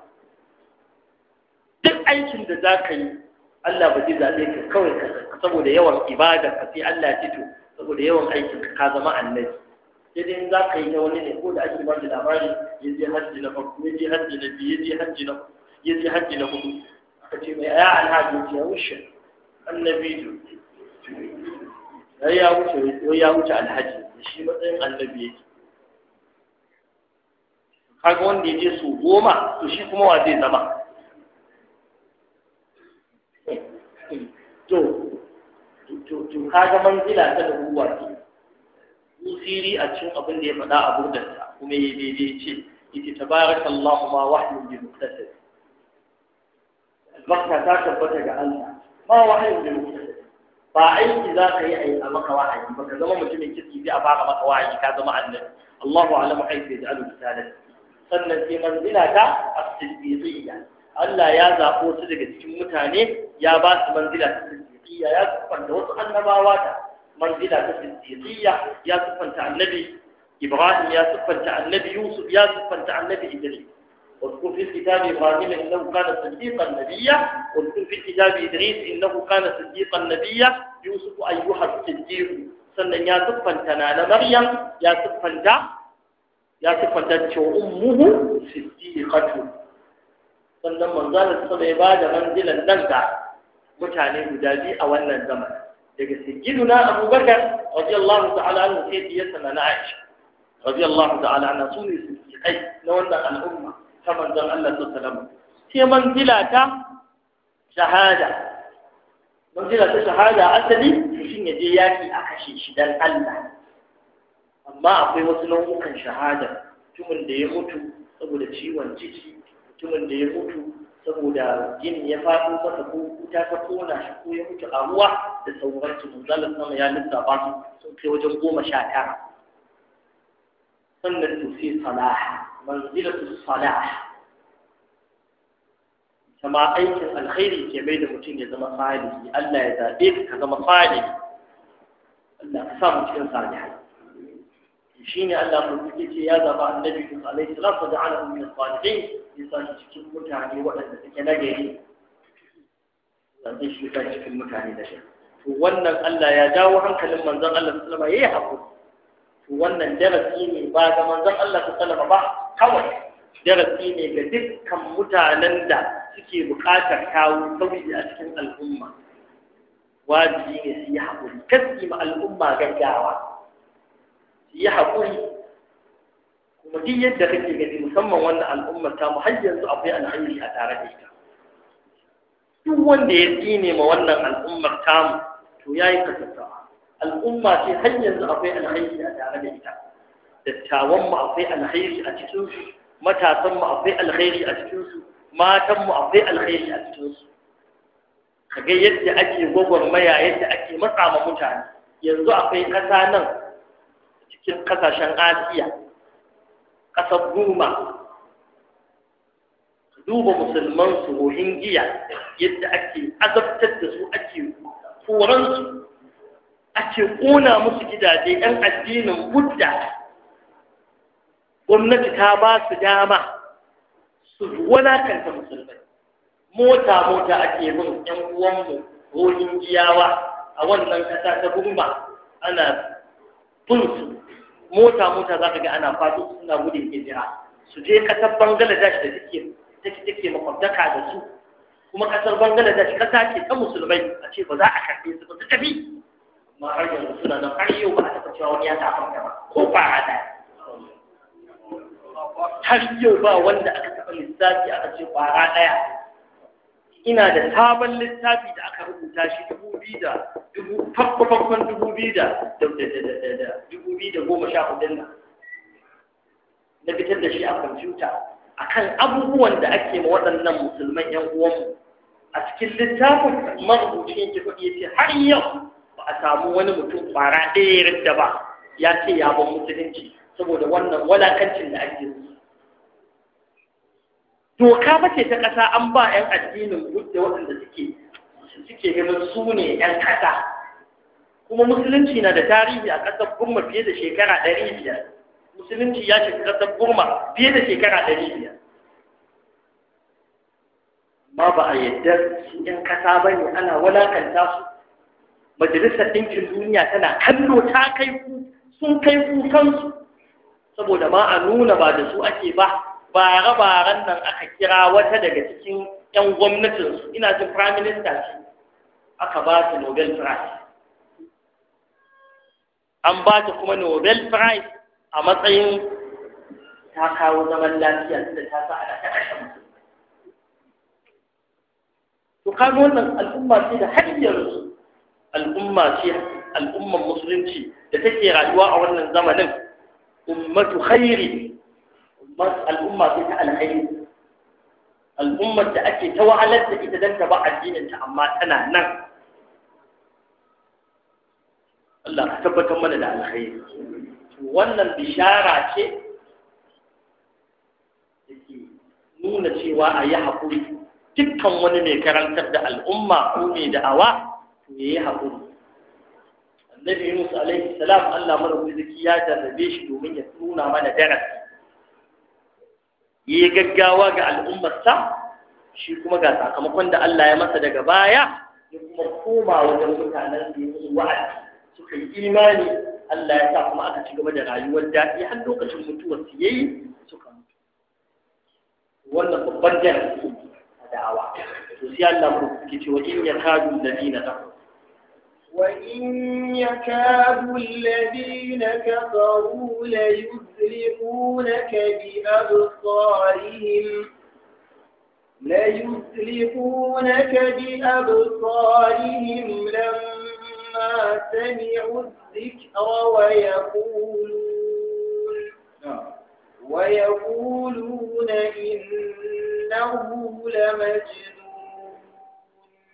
duk aikin da za ka yi Allah ba zai zaɓe ka kawai ka saboda yawan ibada ka sai Allah ya fito saboda yawan aikin ka zama annabi sai dai za ka yi ta wani ne ko da ake bada labarin, ya je hajji na farko ya je hajji na biyu ya je hajji na ya je hajji na hudu aka ce mai ya alhaji ya wuce annabi ne ya wuce wai ya wuce alhaji shi matsayin annabi yake kaga wanda ya je su goma to shi kuma wa zai zama to to kaga manzila ta da ruwa ke usiri a cikin abin da ya faɗa a burdansa kuma ya daidai ce ita tabarakallahu ma wahyun bi muktasib albarka ta tabbata ga Allah ba wahayin da lokaci ba aiki za ka yi a maka wahayi ba ka zama mutumin kirki sai a fara maka wahayi ka zama annabi Allahu a'lamu haythu yaj'alu risalati sannan sai manzila ta as-siddiqiyya Allah ya zabo su daga cikin mutane ya ba su manzila ta siddiqiyya ya sufanta wasu annabawa ta manzila ta siddiqiyya ya sufanta annabi Ibrahim ya sufanta annabi Yusuf ya sufanta annabi Idris واذكر في كتاب إبراهيم إنه كان صديقا نبيا واذكر في كتاب إدريس إنه كان صديقا نبيا يوسف أيها الصديق sannan ya siffanta na na Maryam ya siffanta ya siffanta ce ummuhu siddiqatu sannan manzo da sama ya bada manzilan nan ga mutane guda biyu a wannan zaman daga sayyiduna Abubakar radiyallahu ta'ala anhu sai ya sanana Aisha radiyallahu ta'ala anha su siddiqai na wannan al'umma ta manzon Allah sallallahu alaihi sai manzila ta shahada manzila ta shahada asali mutum ya je yaki a kashe shi dan Allah amma akwai wasu nau'ukan shahada mutumin da ya mutu saboda ciwon ciki mutumin da ya mutu saboda jini ya faɗo masa ko wuta ta kona shi ko ya mutu a ruwa da sauransu manzalar sama ya lissafa su sun kai wajen goma sha tara sannan to sai salaha manzilatu salah kama aikin alkhairi ke mai da mutum ya zama salihi Allah ya zaɓe ka zama salihi Allah ka sa mu cikin salihai shine Allah mu yake ce ya zaba annabi Musa alaihi salatu wa ja'alahu min salihin ya sa shi cikin mutane waɗanda suke nagari zai shi cikin mutane da shi to wannan Allah ya dawo hankalin manzon Allah sallallahu alaihi to wannan darasi ne ba ga manzon Allah ta sallama ba kawai darasi ne ga dukkan mutanen da suke buƙatar kawo sauyi a cikin al'umma wajibi ne su yi haƙuri kasi ma al'umma gaggawa su yi haƙuri kuma duk yadda kake gani musamman wannan al'ummar ta mu har yanzu akwai alheri a tare da ita duk wanda ya tsine ma wannan al'ummar tamu to ya yi kasantawa al'umma ce har yanzu akwai alhairi a tare da ita dattawan mu akwai alhairi a cikin su matasan mu akwai alhairi a cikin su matan mu akwai alhairi a cikin su kaga yadda ake gwagwarmaya yadda ake matsa ma mutane yanzu akwai ƙasa nan cikin ƙasashen asiya kasar goma duba musulman su rohingiya yadda ake azabtar da su ake koransu ake ƙuna musu gidaje ‘yan addinin Budda, gwamnati ta ba su dama su kanta musulmai. Mota-mota ake mun ‘yan uwanmu ko giyawa a wannan ƙasa ta gumba ana tunsu Mota-mota za ka ga ana fato suna gudun hijira. Su je ƙasar Bangladesh da take take take makwabtaka da su. Kuma ƙasar Bangladesh ƙasa ce ta musulmai a ce ba za a karɓe su ba su tafi. yau ba wanda aka taɓa lissafi aka ɗaya ina da sabon littafi da aka rubuta shi dubu biyu da dubu farko farkon dubu biyu da goma sha hudun na fitar da shi a kwamfuta akan abubuwan da ake ma waɗannan musulman 'yan uwanmu a cikin littafin marubucin ke faɗi ya ce har yau a samu wani mutum kwara ɗaya da ba ya ce ya ban musulunci saboda wannan walakancin da ake yi doka ba ce ta ƙasa an ba 'yan addinin da waɗanda suke suke neman su ne 'yan ƙasa kuma musulunci na da tarihi a ƙasar burma fiye da shekara ɗari biyar musulunci ya shiga ƙasar burma fiye da shekara ɗari biyar ma ba a yadda su 'yan ƙasa ba ne ana walakanta su majalisar ɗinkin duniya tana kallo ta kai sun kai ku kansu saboda ma a nuna ba da su ake ba bara-baran nan aka kira wata daga cikin 'yan gwamnatinsu ina jin prime minister ce aka ba su nobel prize an ba ta kuma nobel prize a matsayin ta kawo zaman lafiya da ta sa ana ta kashe to kano wannan al'umma ce da har yanzu al'umma ce al'ummar musulunci da take rayuwa a wannan zamanin ummatu khairi al'umma ce ta alkhairi al'ummar da ake ta wa'alar da ita dan ta ba addinin ta amma tana nan Allah ka tabbatar mana da alkhairi wannan bishara ce ke nuna cewa a yi haƙuri dukkan wani mai karantar da al'umma ko mai da'awa to yayi haƙuri annabi Yunus alaihi salam Allah madaukakin sarki ya jarrabe shi domin ya nuna mana darasi yi gaggawa ga al'ummarsa shi kuma ga sakamakon da Allah ya masa daga baya ya kuma koma wajen mutanen da ya yi wa'azi suka yi imani Allah ya sa kuma aka ci gaba da rayuwar daɗi har lokacin mutuwar su yayi suka mutu wannan babban darasi a da'awa to sai Allah mu ke cewa in yakadu ladina kafaru وإن يكاد الذين كفروا ليزلقونك بأبصارهم ليزلقونك بأبصارهم لما سمعوا الذكر ويقولون نعم. ويقولون إنه لمجنون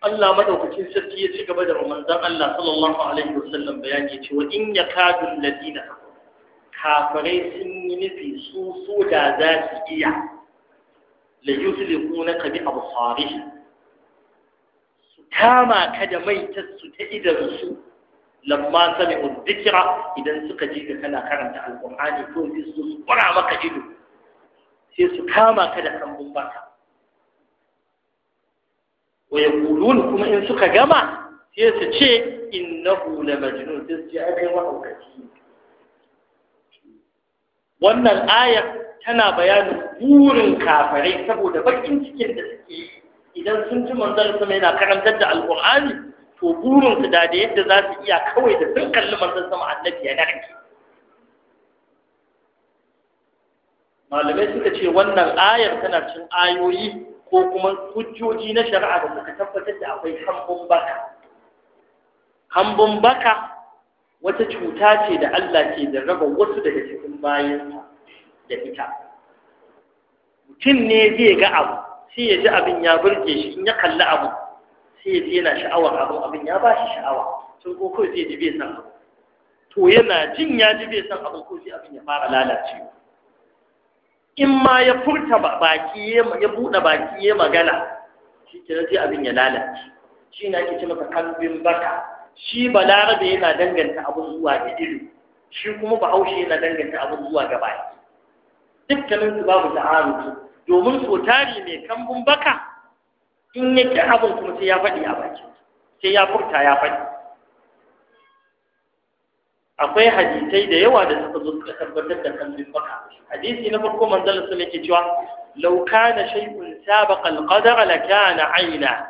Allah madaukakin sarki ya ci gaba da manzon Allah sallallahu alaihi wasallam bayani cewa in yakadu alladina kafirai sun yi nufi su da za su iya la yusliquna ka a absarih su kama ka da maitar su ta idan su lamma sami'u dhikra idan suka ji ka kana karanta alqur'ani ko sai su kura maka ido sai su kama ka da kambun baka waya yaqulun kuma in suka gama sai su ce innahu la majnun sai su ce ai wannan aya tana bayanin burin kafirai saboda bakin cikin da suke yi idan sun ji manzon sama yana karantar da alqur'ani to burinsu da da yadda za su iya kawai da sun kalli manzon sama annabi ya malamai suka ce wannan ayar tana cin ayoyi ko kuma hujjoji na shari'a da suka tabbatar da akwai hambun baka hambun baka wata cuta ce da Allah ke da raba wasu daga cikin bayansa da ita mutum ne zai ga abu sai ya ji abin ya burge shi in ya kalli abu sai ya ji yana sha'awar abu abin ya ba shi sha'awa sun ko kawai zai ji bai san abu to yana jin ya ji bai san abu ko sai abin ya fara lalacewa in ma ya furta baki ya buɗe baki ya magana shi ke sai abin ya lalace shi na ke ce maka kalbin baka shi balarabe yana danganta abin zuwa ga ido shi kuma bahaushe yana danganta abin zuwa ga baki dukkanin su babu ta'aruki domin so tari mai kambun baka in yake abin kuma sai ya faɗi a baki sai ya furta ya faɗi akwai hadisai da yawa da suka zo suka tabbatar da kallon baka hadisi na farko manzon sun yake cewa law kana shay'un sabaqa al-qadar la kana aina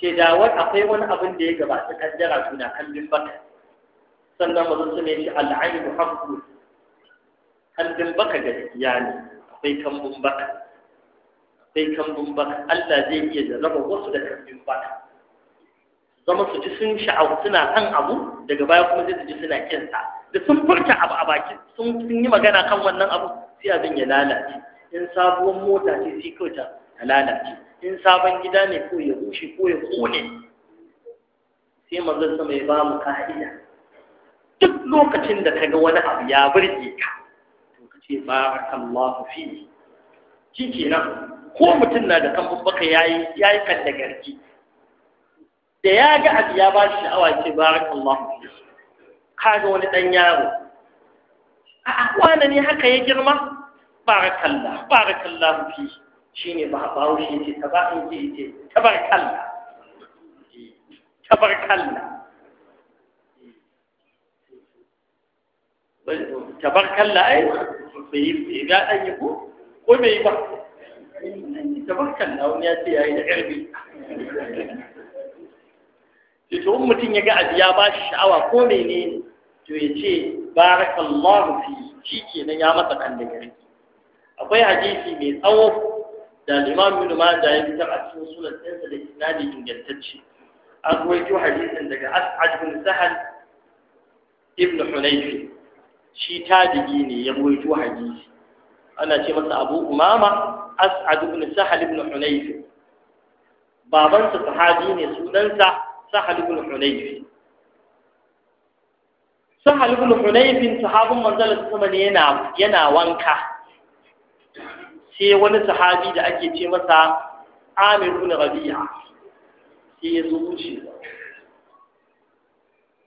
ce da wani akwai wani abin da ya gabata kaddara tuna kallon baka sannan manzon sun yake al-ainu haqqu kallon baka gaskiya ne akwai kambun baka akwai kambun baka Allah zai iya jarraba wasu da kallon baka zama su ji sun sha'awu suna kan abu daga baya kuma zai su ji suna kinsa da sun furta abu a baki sun yi magana kan wannan abu sai abin ya lalace in sabuwar mota ce sai kawai ta lalace in sabon gida ne ko ya rushe ko ya kone sai mazan sama ya ba mu ka'ida duk lokacin da ka ga wani abu ya burge ka to ka ce barakallahu fi shi kenan ko mutum na da kan babbaka yayi yayi kan da garki da ya ga abu ya ba shi sha'awa ce ka kaga wani ɗan yaro a akwana ne haka ya girma barakallah barakallah fi ne ba bawo shi ce tabahin ji ce tabarkallah tabarkallah tabarkallah ai bai ga ɗan yi ko ko bai ba tabarkallah wani ya ce ya yi da irbi to in mutum ya ga abu ya ba shi sha'awa ko menene to ya ce barakallahu fi shi kenan ya masa kan gari akwai hadisi mai tsawo da limam ibn majah ya fitar a cikin sunan ɗinsa da isnadi ingantacce an ruwaito hadisin daga as'ad bin sahal ibn hunayfi shi tabi'i ne ya ruwaito hadisi ana ce masa abu umama as'ad bin sahal ibn Hunayf babansa sahabi ne sunansa sahal ibn sahabin manzala sama ne yana yana wanka sai wani sahabi da ake ce masa amir ibn rabi'a sai ya zo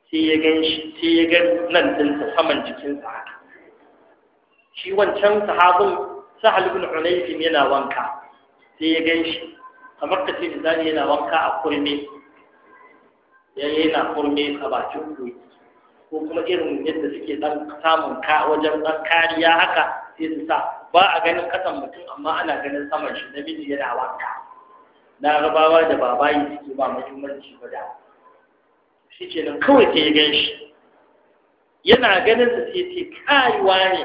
sai ya gan shi sai ya ga nan sa saman jikin sa, shi wancan sahabin sahal ibn hunayf yana wanka sai ya gan shi kamar ka ce yana wanka a kurmi ya yana kurme a bakin ku ko kuma irin yadda suke dan samun ka wajen dan kariya haka sai su sa ba a ganin kasan mutum amma ana ganin saman shi namiji yana wanka Na rabawa da babayi suke ba muhimmanci ba da shi ke nan kawai sai ya gan shi yana ganin su sai ce kayuwa ne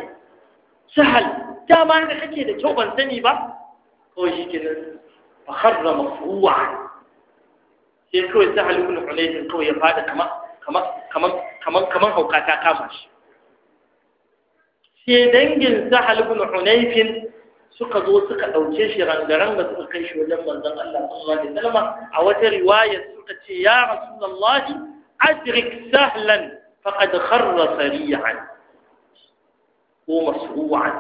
sahal dama haka kake da kyau ban sani ba kawai shi ke nan fa harra mafuwa sai kawai sai halibun ulayhin kawai ya fada kamar kamar kamar hauka ta kama shi sai dangin sahal ibn hunayfin suka zo suka ɗauke shi rangaranga suka kai shi wajen manzon Allah sallallahu alaihi wasallam a wata riwaya suka ce ya rasulullah adrik sahlan faqad kharra sari'an ko masru'an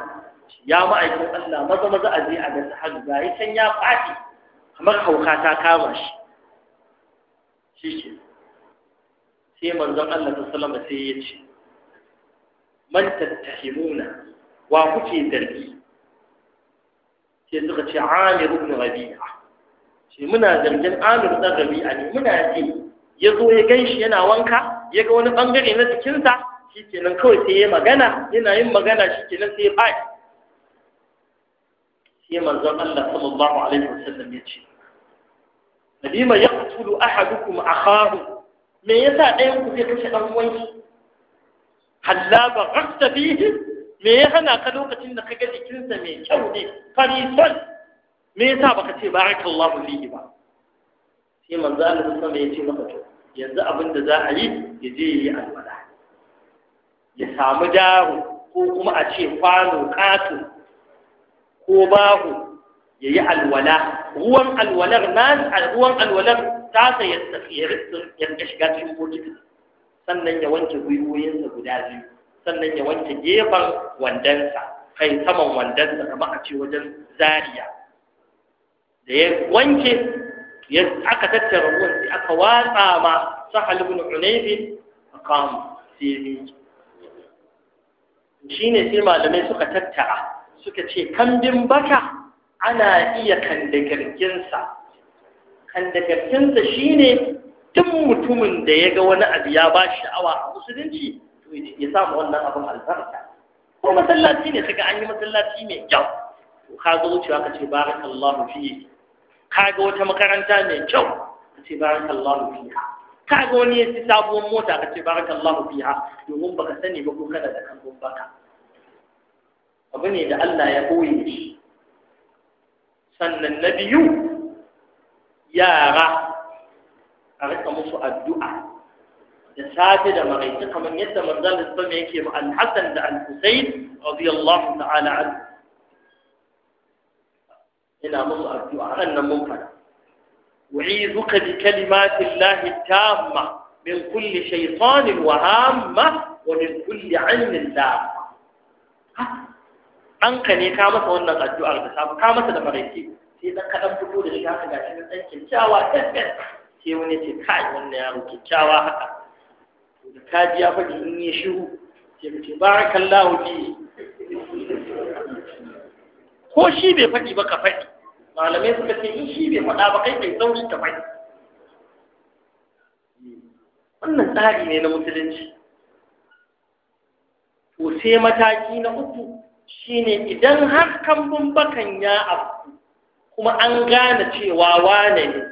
ya ma'aikin Allah maza maza aje a ga sahal ga yi can ya fadi kamar hauka ta kama shi shi ke sai manzon Allah ta salama sai ya ce man tattahimuna wa kuke zargi sai suka ce amir ibn rabi'a shi muna zargin amir ibn rabi'a ne muna ji ya zo ya gan shi yana wanka ya ga wani bangare na jikinsa shi kenan kawai sai ya magana yana yin magana shi kenan sai ya bai. sai manzon Allah sallallahu alaihi wasallam ya ce lima yaqtulu ahadukum akhahu me yasa ɗayan ku zai kashe ɗan wani hallaba rasta fihi me ya hana ka lokacin da ka ga jikinsa mai kyau ne farisol me yasa baka ce barakallahu fihi ba sai manzo Allah sama ya ce maka to yanzu abin da za a yi ya je yi alwala ya samu daro ko kuma a ce kwano kato ko bahu ya yi alwala ruwan alwalar na ruwan alwalar ta ya tafi ya shiga cikin bokiti sannan ya wanke gwiwoyinsa guda biyu sannan ya wanke gefen wandansa, kai saman wandansa, kama a ce wajen zariya da ya wanke ya aka tattara ruwan sai aka watsa ma sahal ibn unayfi aqam sai shine sai malamai suka tattara suka ce kambin baka ana iya kandagarkinsa kandagarkinsa shine tun mutumin da ya ga wani abu ya ba sha'awa a musulunci to ya samu wannan abin albarka ko masallaci ne suka an yi masallaci mai kyau to ka zo wucewa ka ce barakallahu fihi ka ga wata makaranta mai kyau ka ce barakallahu fiha ka ga wani ya ci sabuwar mota ka ce barakallahu fiha domin baka sani ba ko kada da kan baka abu ne da Allah ya boye shi sannan na biyu yara a rika musu addu'a da safe da maraice kamar yadda manzon da yake ma da al-Husayn radiyallahu ta'ala anhu ina musu addu'a annan mun fara وعيذك بكلمات الله التامة من كل شيطان وهامة ومن كل عين لامة ɗanka ne ka masa wannan addu'ar da safe ka masa da maraice sai ɗan kaɗan fito da shiga ga shi ɗan kyakkyawa tabbas sai wani ce kai wannan yaro kyakkyawa haka da ka ji ya faɗi in ya shiru sai ka ce barakallahu bi ko shi bai faɗi ba ka faɗi malamai suka ce in shi bai faɗa ba kai kai sauri ka faɗi wannan tsari ne na musulunci to sai mataki na uku shine idan har kambun bakan ya abu kuma an gane cewa wane ne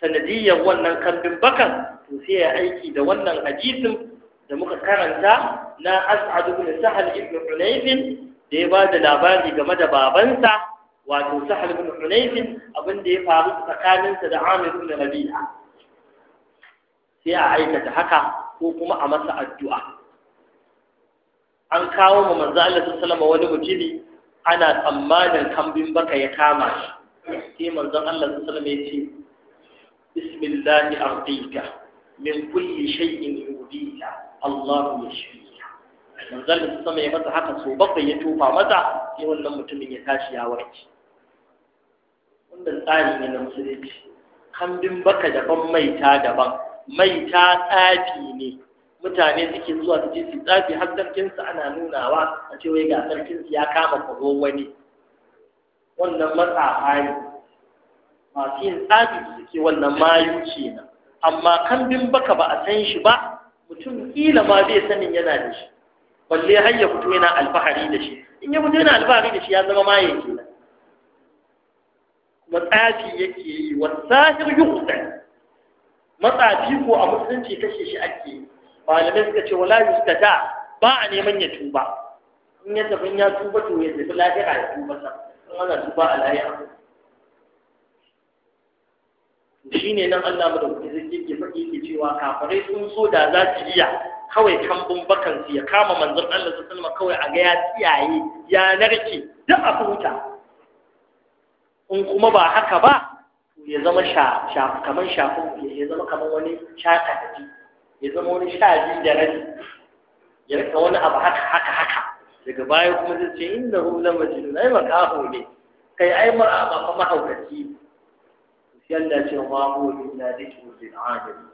sanadiyar wannan kambin bakan to sai ya aiki da wannan hadisin da muka karanta na as'ad ibn sahal ibn hunayf da ya bada labari game da babansa wato sahal ibn hunayf abin ya faru tsakaninsa da amir ibn rabi'a sai a aikata haka ko kuma a masa addu'a an kawo ma manzo Allah sallallahu wani mutumi ana tsammanin kambin baka ya kama shi sai manzo Allah sallallahu ya ce bismillahi ardika min kulli shay'in yudika Allah ya shfiya manzo Allah sallallahu ya fata haka so bakwai ya tofa mata sai wannan mutumin ya tashi ya warke wannan tsari ne na musulunci kambin baka daban maita daban maita tsafi ne mutane suke zuwa su ce su tsafi har sarkinsu ana nunawa a ce wai ga sarkinsu ya kama kogo wani wannan matsafa ne masu yin tsafi suke wannan mayu kenan amma kambin baka ba a san shi ba mutum kila ma bai sanin yana da shi balle har ya fito yana alfahari da shi in ya fito yana alfahari da shi ya zama maye kenan matsafi yake yi sahir yuhdan matsafi ko a musulunci kashe shi ake yi malamai suka ce wala yustata ba a neman ya tuba in ya tafi ya tuba to ya tafi lahira ya tuba sa in ana tuba a lahira shi ne nan Allah mu da kuɗi zai ke faɗi ke cewa kafarai sun so da za su iya kawai kambun bakan su ya kama manzon Allah su sallama kawai a ga ya tsiyaye ya narke duk a huta in kuma ba haka ba ya zama sha kamar shafin ya zama kamar wani shaka da ya zama wani shaji biyu da rabi ya rika wani abu haka haka haka daga baya kuma zai ce inda hu la majnun ai makaho ne kai ai mar'a ba fa mahaukaci sai Allah ce ma hu illa dhikru lil alamin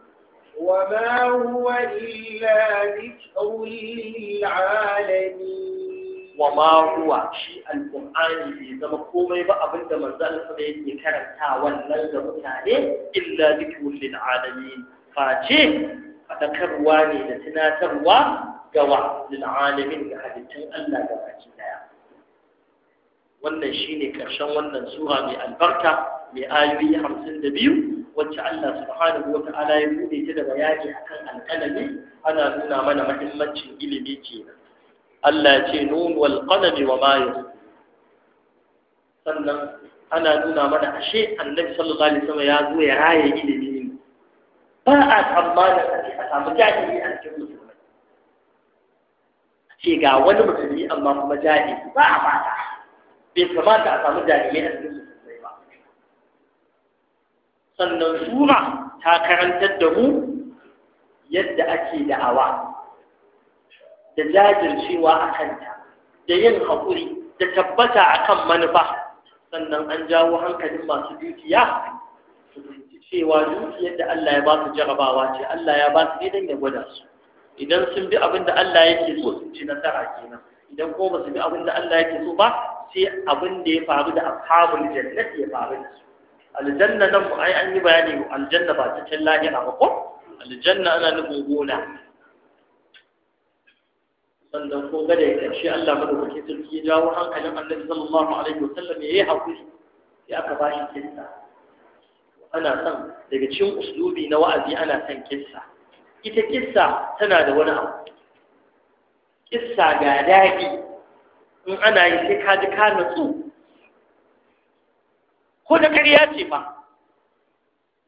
وما هو إلا ذكر للعالمين وما هو شيء القرآن إذا ما قوم يبقى أبدا من ذلك فلين يكرم تاوان لنجا متعلي fadakarwa ne da tunatarwa gawa wa alamin ga halittun Allah ga baki daya wannan shine karshen wannan sura mai albarka mai ayoyi hamsin da biyu. wacce Allah subhanahu wata'ala ya bude ta da bayani akan alƙalami ana nuna mana mahimmancin ilimi kenan Allah ce nun wal qalami wa ma sannan ana nuna mana ashe annabi sallallahu alaihi wasallam ya zo ya raye ilimi ba a tsammanin a samu jahili a cikin musulmai ce ga wani musulmi amma kuma jahili ba a fata bai kamata a samu jahili a cikin musulmai ba sannan sura ta karantar da mu yadda ake da'awa da jajircewa a kanta da yin haƙuri da tabbata a kan manufa sannan an jawo hankalin masu dukiya su cewa duk yadda Allah ya ba su jarabawa ce Allah ya ba su ne don ya gwada su idan sun bi abin da Allah yake so sun ci nasara kenan idan ko ba su bi abin da Allah yake so ba sai abin da ya faru da ashabul jannati ya faru da su aljanna nan mu ai an yi bayani aljanna ba ta cikin lahira ba ko aljanna ana nufin gona sannan ko gada ya karshe Allah madaukakin sarki ya jawo hankalin annabi sallallahu alaihi wasallam ya yi hakuri ya aka bashi kinta ana son daga cikin uslubi na wa'azi ana son kissa ita kissa tana da wani abu kissa ga daɗi in ana yi sai ka ji ka natsu ko da ƙarya ce fa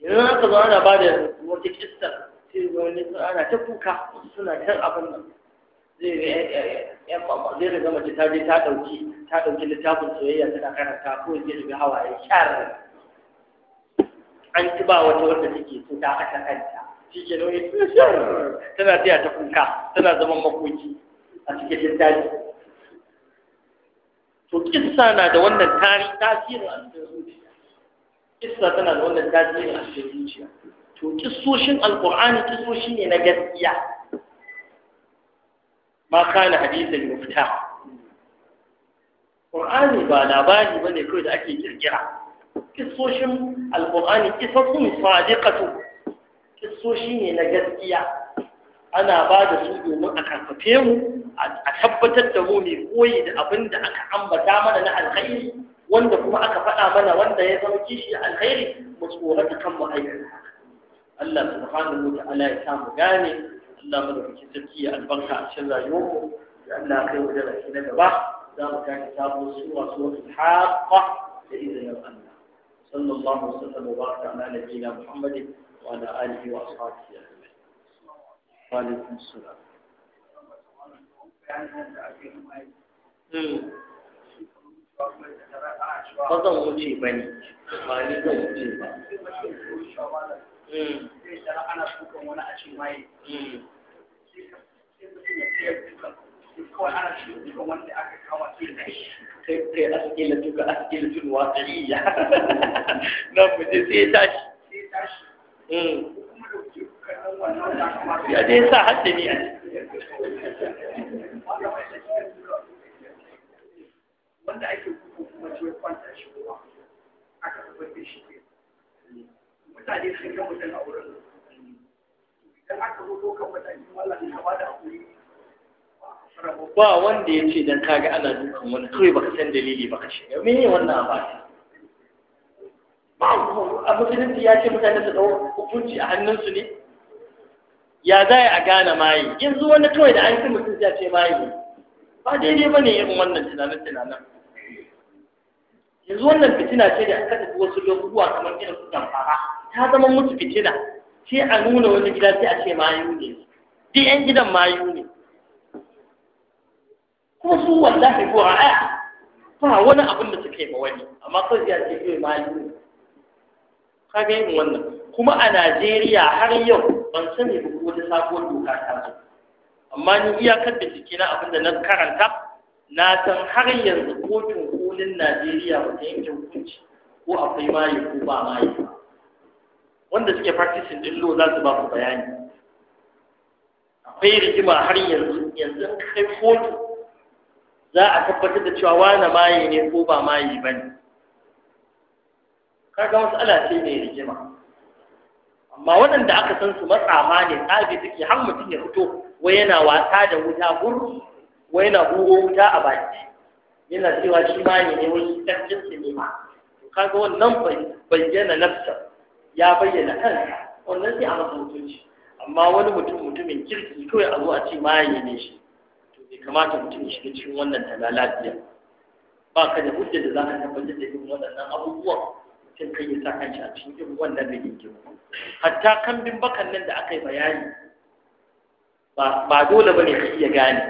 yanzu aka zo ana ba da wata kissa sai wani ana ta kuka suna kan abin nan zai riga eh, eh, eh, mace ta je ta ɗauki ta ɗauki littafin soyayya tana karanta ko zai riga hawaye shar an ci ba wata wanda take so ta aka kanta shi ke nan eh, tana tsaya ta kuka tana zaman makoki a cikin daji to kissa na da wannan tari tasirin a cikin zuciya kissa tana da wannan tasirin a cikin zuciya to kissoshin alkur'ani kissoshi ne na gaskiya ma kana hadisin mufta qur'ani ba labari bane kawai da ake kirkira kissoshin alƙur'ani kisasun sadiqatu kissoshi ne na gaskiya ana ba da su domin a karfafe mu a tabbatar da mu mai koyi da abin da aka ambata mana na alkhairi wanda kuma aka faɗa mana wanda ya zama kishi alkhairi mu ta kan mu Allah subhanahu wa ta'ala ya samu gane Allah madaukakin sarki ya albarka a cikin mu. da Allah kai wajen rashi na gaba za mu gane sabon suwa suwa haqqa da izinin Allah صلى الله وسلم وبارك على نبينا محمد وعلى اله واصحابه اجمعين. وعليكم السلام. Bazan wuce ba ne, ba ni zan wuce ba. Zai shara ana kukan wani a cin maye. Zai kawai ana shi duka wanda aka kama ke da shi kai kai asila duka asila tun wasariya (laughs) na mu je sai tashi sai eh. tashi ya dai sa haddani a wanda ake kuku kuma ce kwanta shi kuma aka zubar da shi mutane sun ga mutum a wurin idan aka zo dokan mutane wallahi ka bada hakuri ba wanda ya ce dan kaga ana dukan wani kawai baka san dalili baka shi ya ne wannan ba a musulunci ya ce mutane su dau hukunci a hannunsu ne ya za a gane mayi yanzu wani kawai da an fi mutum ya ce mayi ne ba daidai ba ne irin wannan tunanin tunanin yanzu wannan fitina ce da aka tafi wasu lokuwa kamar irin su damfara ta zama musu fitina sai a nuna wani gida sai a ce mayu ne duk 'yan gidan mayu ne kuma su wallahi ko ra'a ba wani abin da suke ma wani amma kawai ya ce kai mali ka ga yin wannan kuma a Najeriya har yau ban sani ba ko wata sabuwar doka ta zo amma ni iyakar da jiki na abin da na karanta na san har yanzu kotun kolin Najeriya ba ta yanke hukunci ko akwai maye ko ba maye wanda suke practicing din lo za su ba ku bayani akwai rigima har yanzu yanzu kai kotu za a tabbatar da cewa wane maye ne ko ba maye ba ne kaga matsala ce mai rigima amma waɗanda aka san su matsama ne tsabi suke har mutum ya fito wai yana wasa da wuta bur wai yana huro wuta a baki yana cewa shi maye ne wani ƙarfin sinima. ne ma kaga wannan bayyana nafsa ya bayyana kansa wannan sai a masa mutunci amma wani mutum mutumin kirki kawai a zuwa a ce maye ne shi bai kamata mutum ya shiga cikin wannan tana lafiya ba ka da hujja da za ka tabbatar da irin waɗannan abubuwan mutum kan ya sa kanshi a cikin irin wannan da yake hatta kambin bakan nan da aka yi bayani ba dole ba ne ka iya gane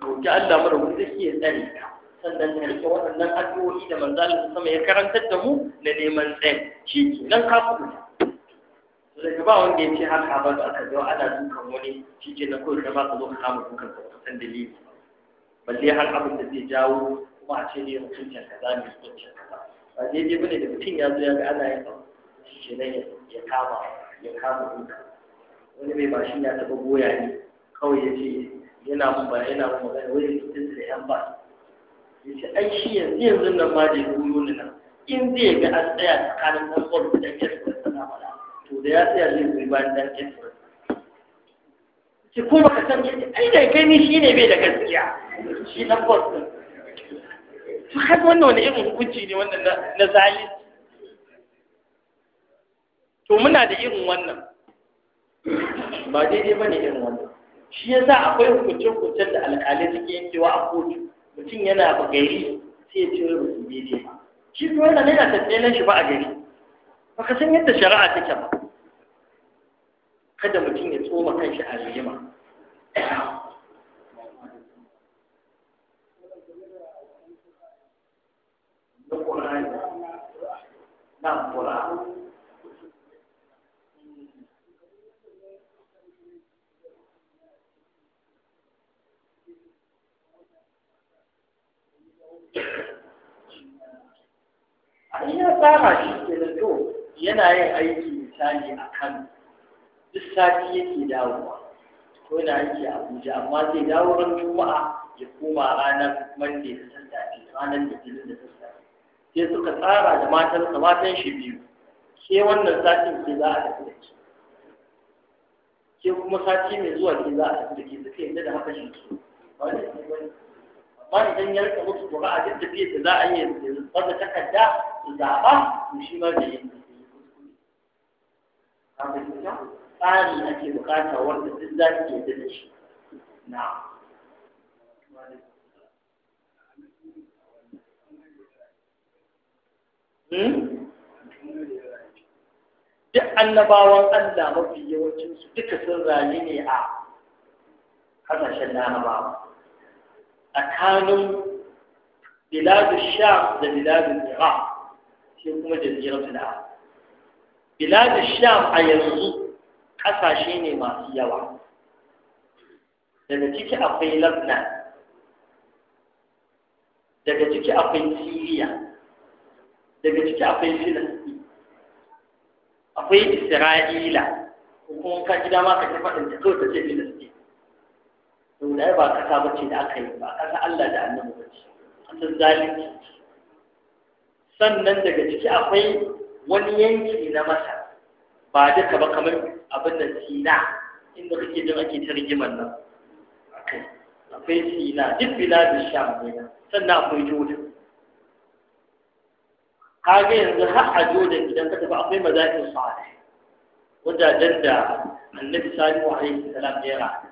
roƙi Allah mara wuce zai iya tsare ka sannan ka rike waɗannan addu'o'i da manzalin sama ya karantar da mu na neman tsayin shi nan ka kuma daga ba wanda ya ce haka ba da aka zo ana dukan wani cike na na da ba ka zo ka kama dukan ka wata san dalili balle har abin da zai jawo kuma a ce ne ya kaza ne ya kaza ba zai ba ne da mutum ya zo ya ga ana yin ba, shi ke nan ya kama ya kama dukan wani mai mashin ya taɓa goya ne kawai ya ce yana mun ba yana mun magana wani mutum da yan ba ya ce ai shi yanzu yanzu nan ma da ya goyo ni nan in zai ga an tsaya tsakanin ɗan ƙwarfi da ƙirƙirar sana'a to da ya tsaya zai goyi bayan dan kesa ki ko san yace ai da kai ni shine bai da gaskiya shi na boss Su to har wannan wani irin hukunci ne wannan na zalunci to muna da irin wannan ba daidai ba ne irin wannan shi ya sa akwai hukuncin-hukuncin da alƙalai suke yankewa a kotu mutum yana ba gari sai ya ce wai ba daidai ba shi kuma yana yana tafiye nan shi ba a gari ba ka san yadda shari'a take kada mutum ya tsoma kanshi a rigima na ƙura a tsara shi ke to yana yin aiki misali a kan duk sati yake dawowa ko yana aiki a Abuja amma zai dawo ran Juma'a ya koma ranar Monday da sassafe ranar Litinin da sassafe sai suka tsara da matansa matan shi biyu ke wannan satin ke za a tafi da ke ke kuma sati mai zuwa ke za a tafi da ke tafi yadda da haka shi ke amma idan ya rika musu kuma a duk tafiya da za a yi yanzu wanda takarda su zaɓa to shi ma da yin da ke yi kuskure. tsari ke bukata wanda duk za ki yadda da shi na hmm? duk annabawan Allah mafi yawancinsu duka sun rayu ne a ƙasashen larabawa tsakanin biladu sham da biladu iraq sai kuma jazirar biladu sham a yanzu ƙasashe ne masu yawa daga ciki akwai labna daga ciki akwai siriya daga ciki akwai filistin akwai isra'ila kuma ka ji dama ka ta faɗin ta kawai ta ce filistin to da ba kasa ba ce da aka yi ba kasa Allah da annabi ba ce kasar zalunci sannan daga ciki akwai wani yanki na masa ba duka ba kamar abin da sina inda kake jin ake ta rigimar nan akai akwai sina duk biladun sham ne na sannan akwai jordan kaga yanzu har a jordan idan ka tafi akwai mazaƙin salih wajajen da annabi salihu alaihi salam ya rayu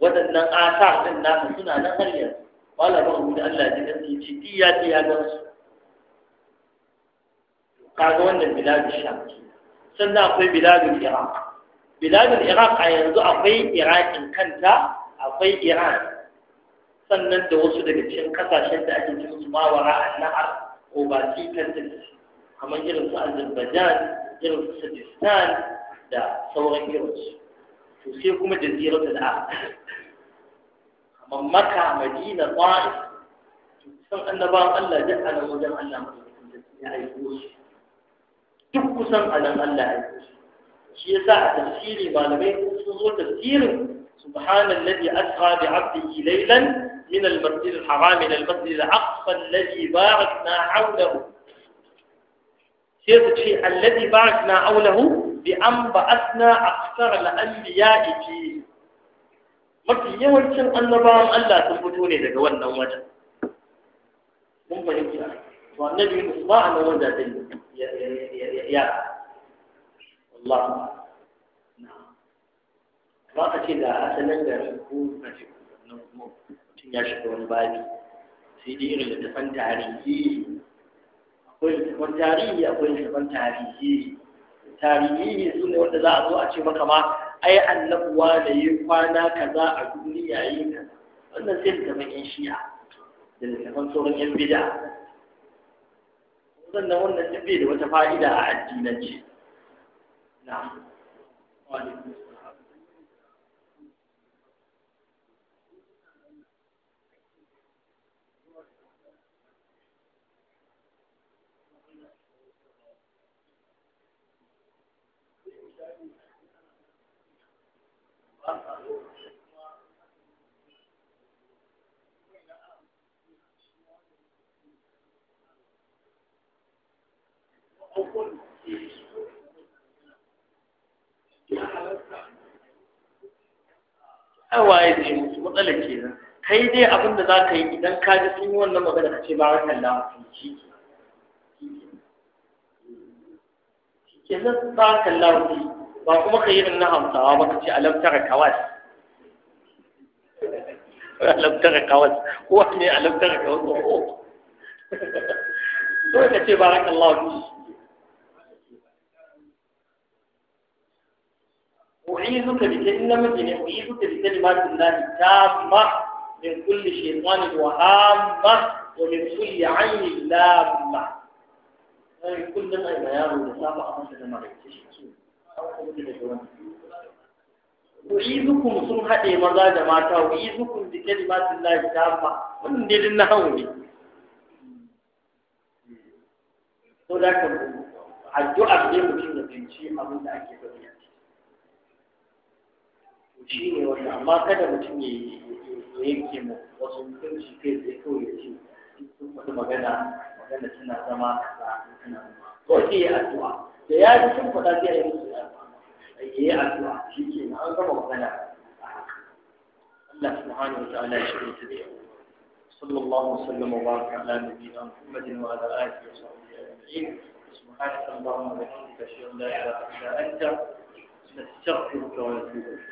waɗannan asar ɗin nasa suna nan har yanzu malamin abu da Allah ya ji ci tiya tiya ga su kaga wannan biladu sham sannan akwai biladu iraq biladul iraq a yanzu akwai iraqin kanta akwai iran sannan da wasu daga cikin kasashen da ake cin su mawara a na'ar obasi tantance kamar irin su azerbaijan irin su sajistan da sauran irinsu to sai kuma jaziratul arab kamar maka madina ta'if san annabawan Allah duk a nan wajen Allah mutum ya aiko su duk kusan a nan Allah ya aiko su shi yasa a tafsiri malamai sun zo tafsirin subhanallazi asra bi 'abdihi laylan min al-masjid al-haram ila al-masjid al-aqsa alladhi barakna hawlahu sai ce alladhi barakna hawlahu bi an ba'athna al-anbiya'i fi mafi yawancin annabawan Allah sun fito ne daga wannan wajen mun fahimta to annabi a nan wajen ya Allah ba a ce da asalin garin ko a ce nan kuma mutum ya shiga wani babi sai dai irin littafan tarihi akwai littafan tarihi akwai littafan tarihi tarihi su ne wanda za a zo a ce maka ma ai annabuwa da yi kwana kaza a duniya yi kaza wannan sai littafan yan shi'a da littafan sauran yan bida wannan wannan bai da wata fa'ida a addinance نعم قال waye da musu matsalar nan? kai dai abin da za ka yi idan ka ji sun yi wannan magana ka ce ba kan da mutum shi ke nan ba kan lafi ba kuma ka yi irin na hamsawa ba ka ce alamtara kawas alamtara kawas ko ne alamtara kawas ko (laughs) ko ka ce ba kan lafi أعيذك بكلمة من أعيذك بكلمات الله التامة من كل شيطان وهامة ومن كل عين لامة كل أعيذكم جماعة أعيذكم بكلمات الله من ne mutum da binci abin da ake faɗi shi ne wani amma kada mutum ya yanke mu wasu hukunci kai tsaye kawai ya ce sun faɗi magana magana tana zama kaza tana ko sai ya addu'a da ya ji sun faɗa sai ya yi musu ya yi addu'a shi ke na an gama magana Allah subhanahu wa ta'ala ya shirya ta da yau صلى الله وسلم وبارك على نبينا محمد وعلى اله وصحبه اجمعين سبحانك اللهم وبحمدك اشهد ان لا اله الا انت نستغفرك ونتوب اليك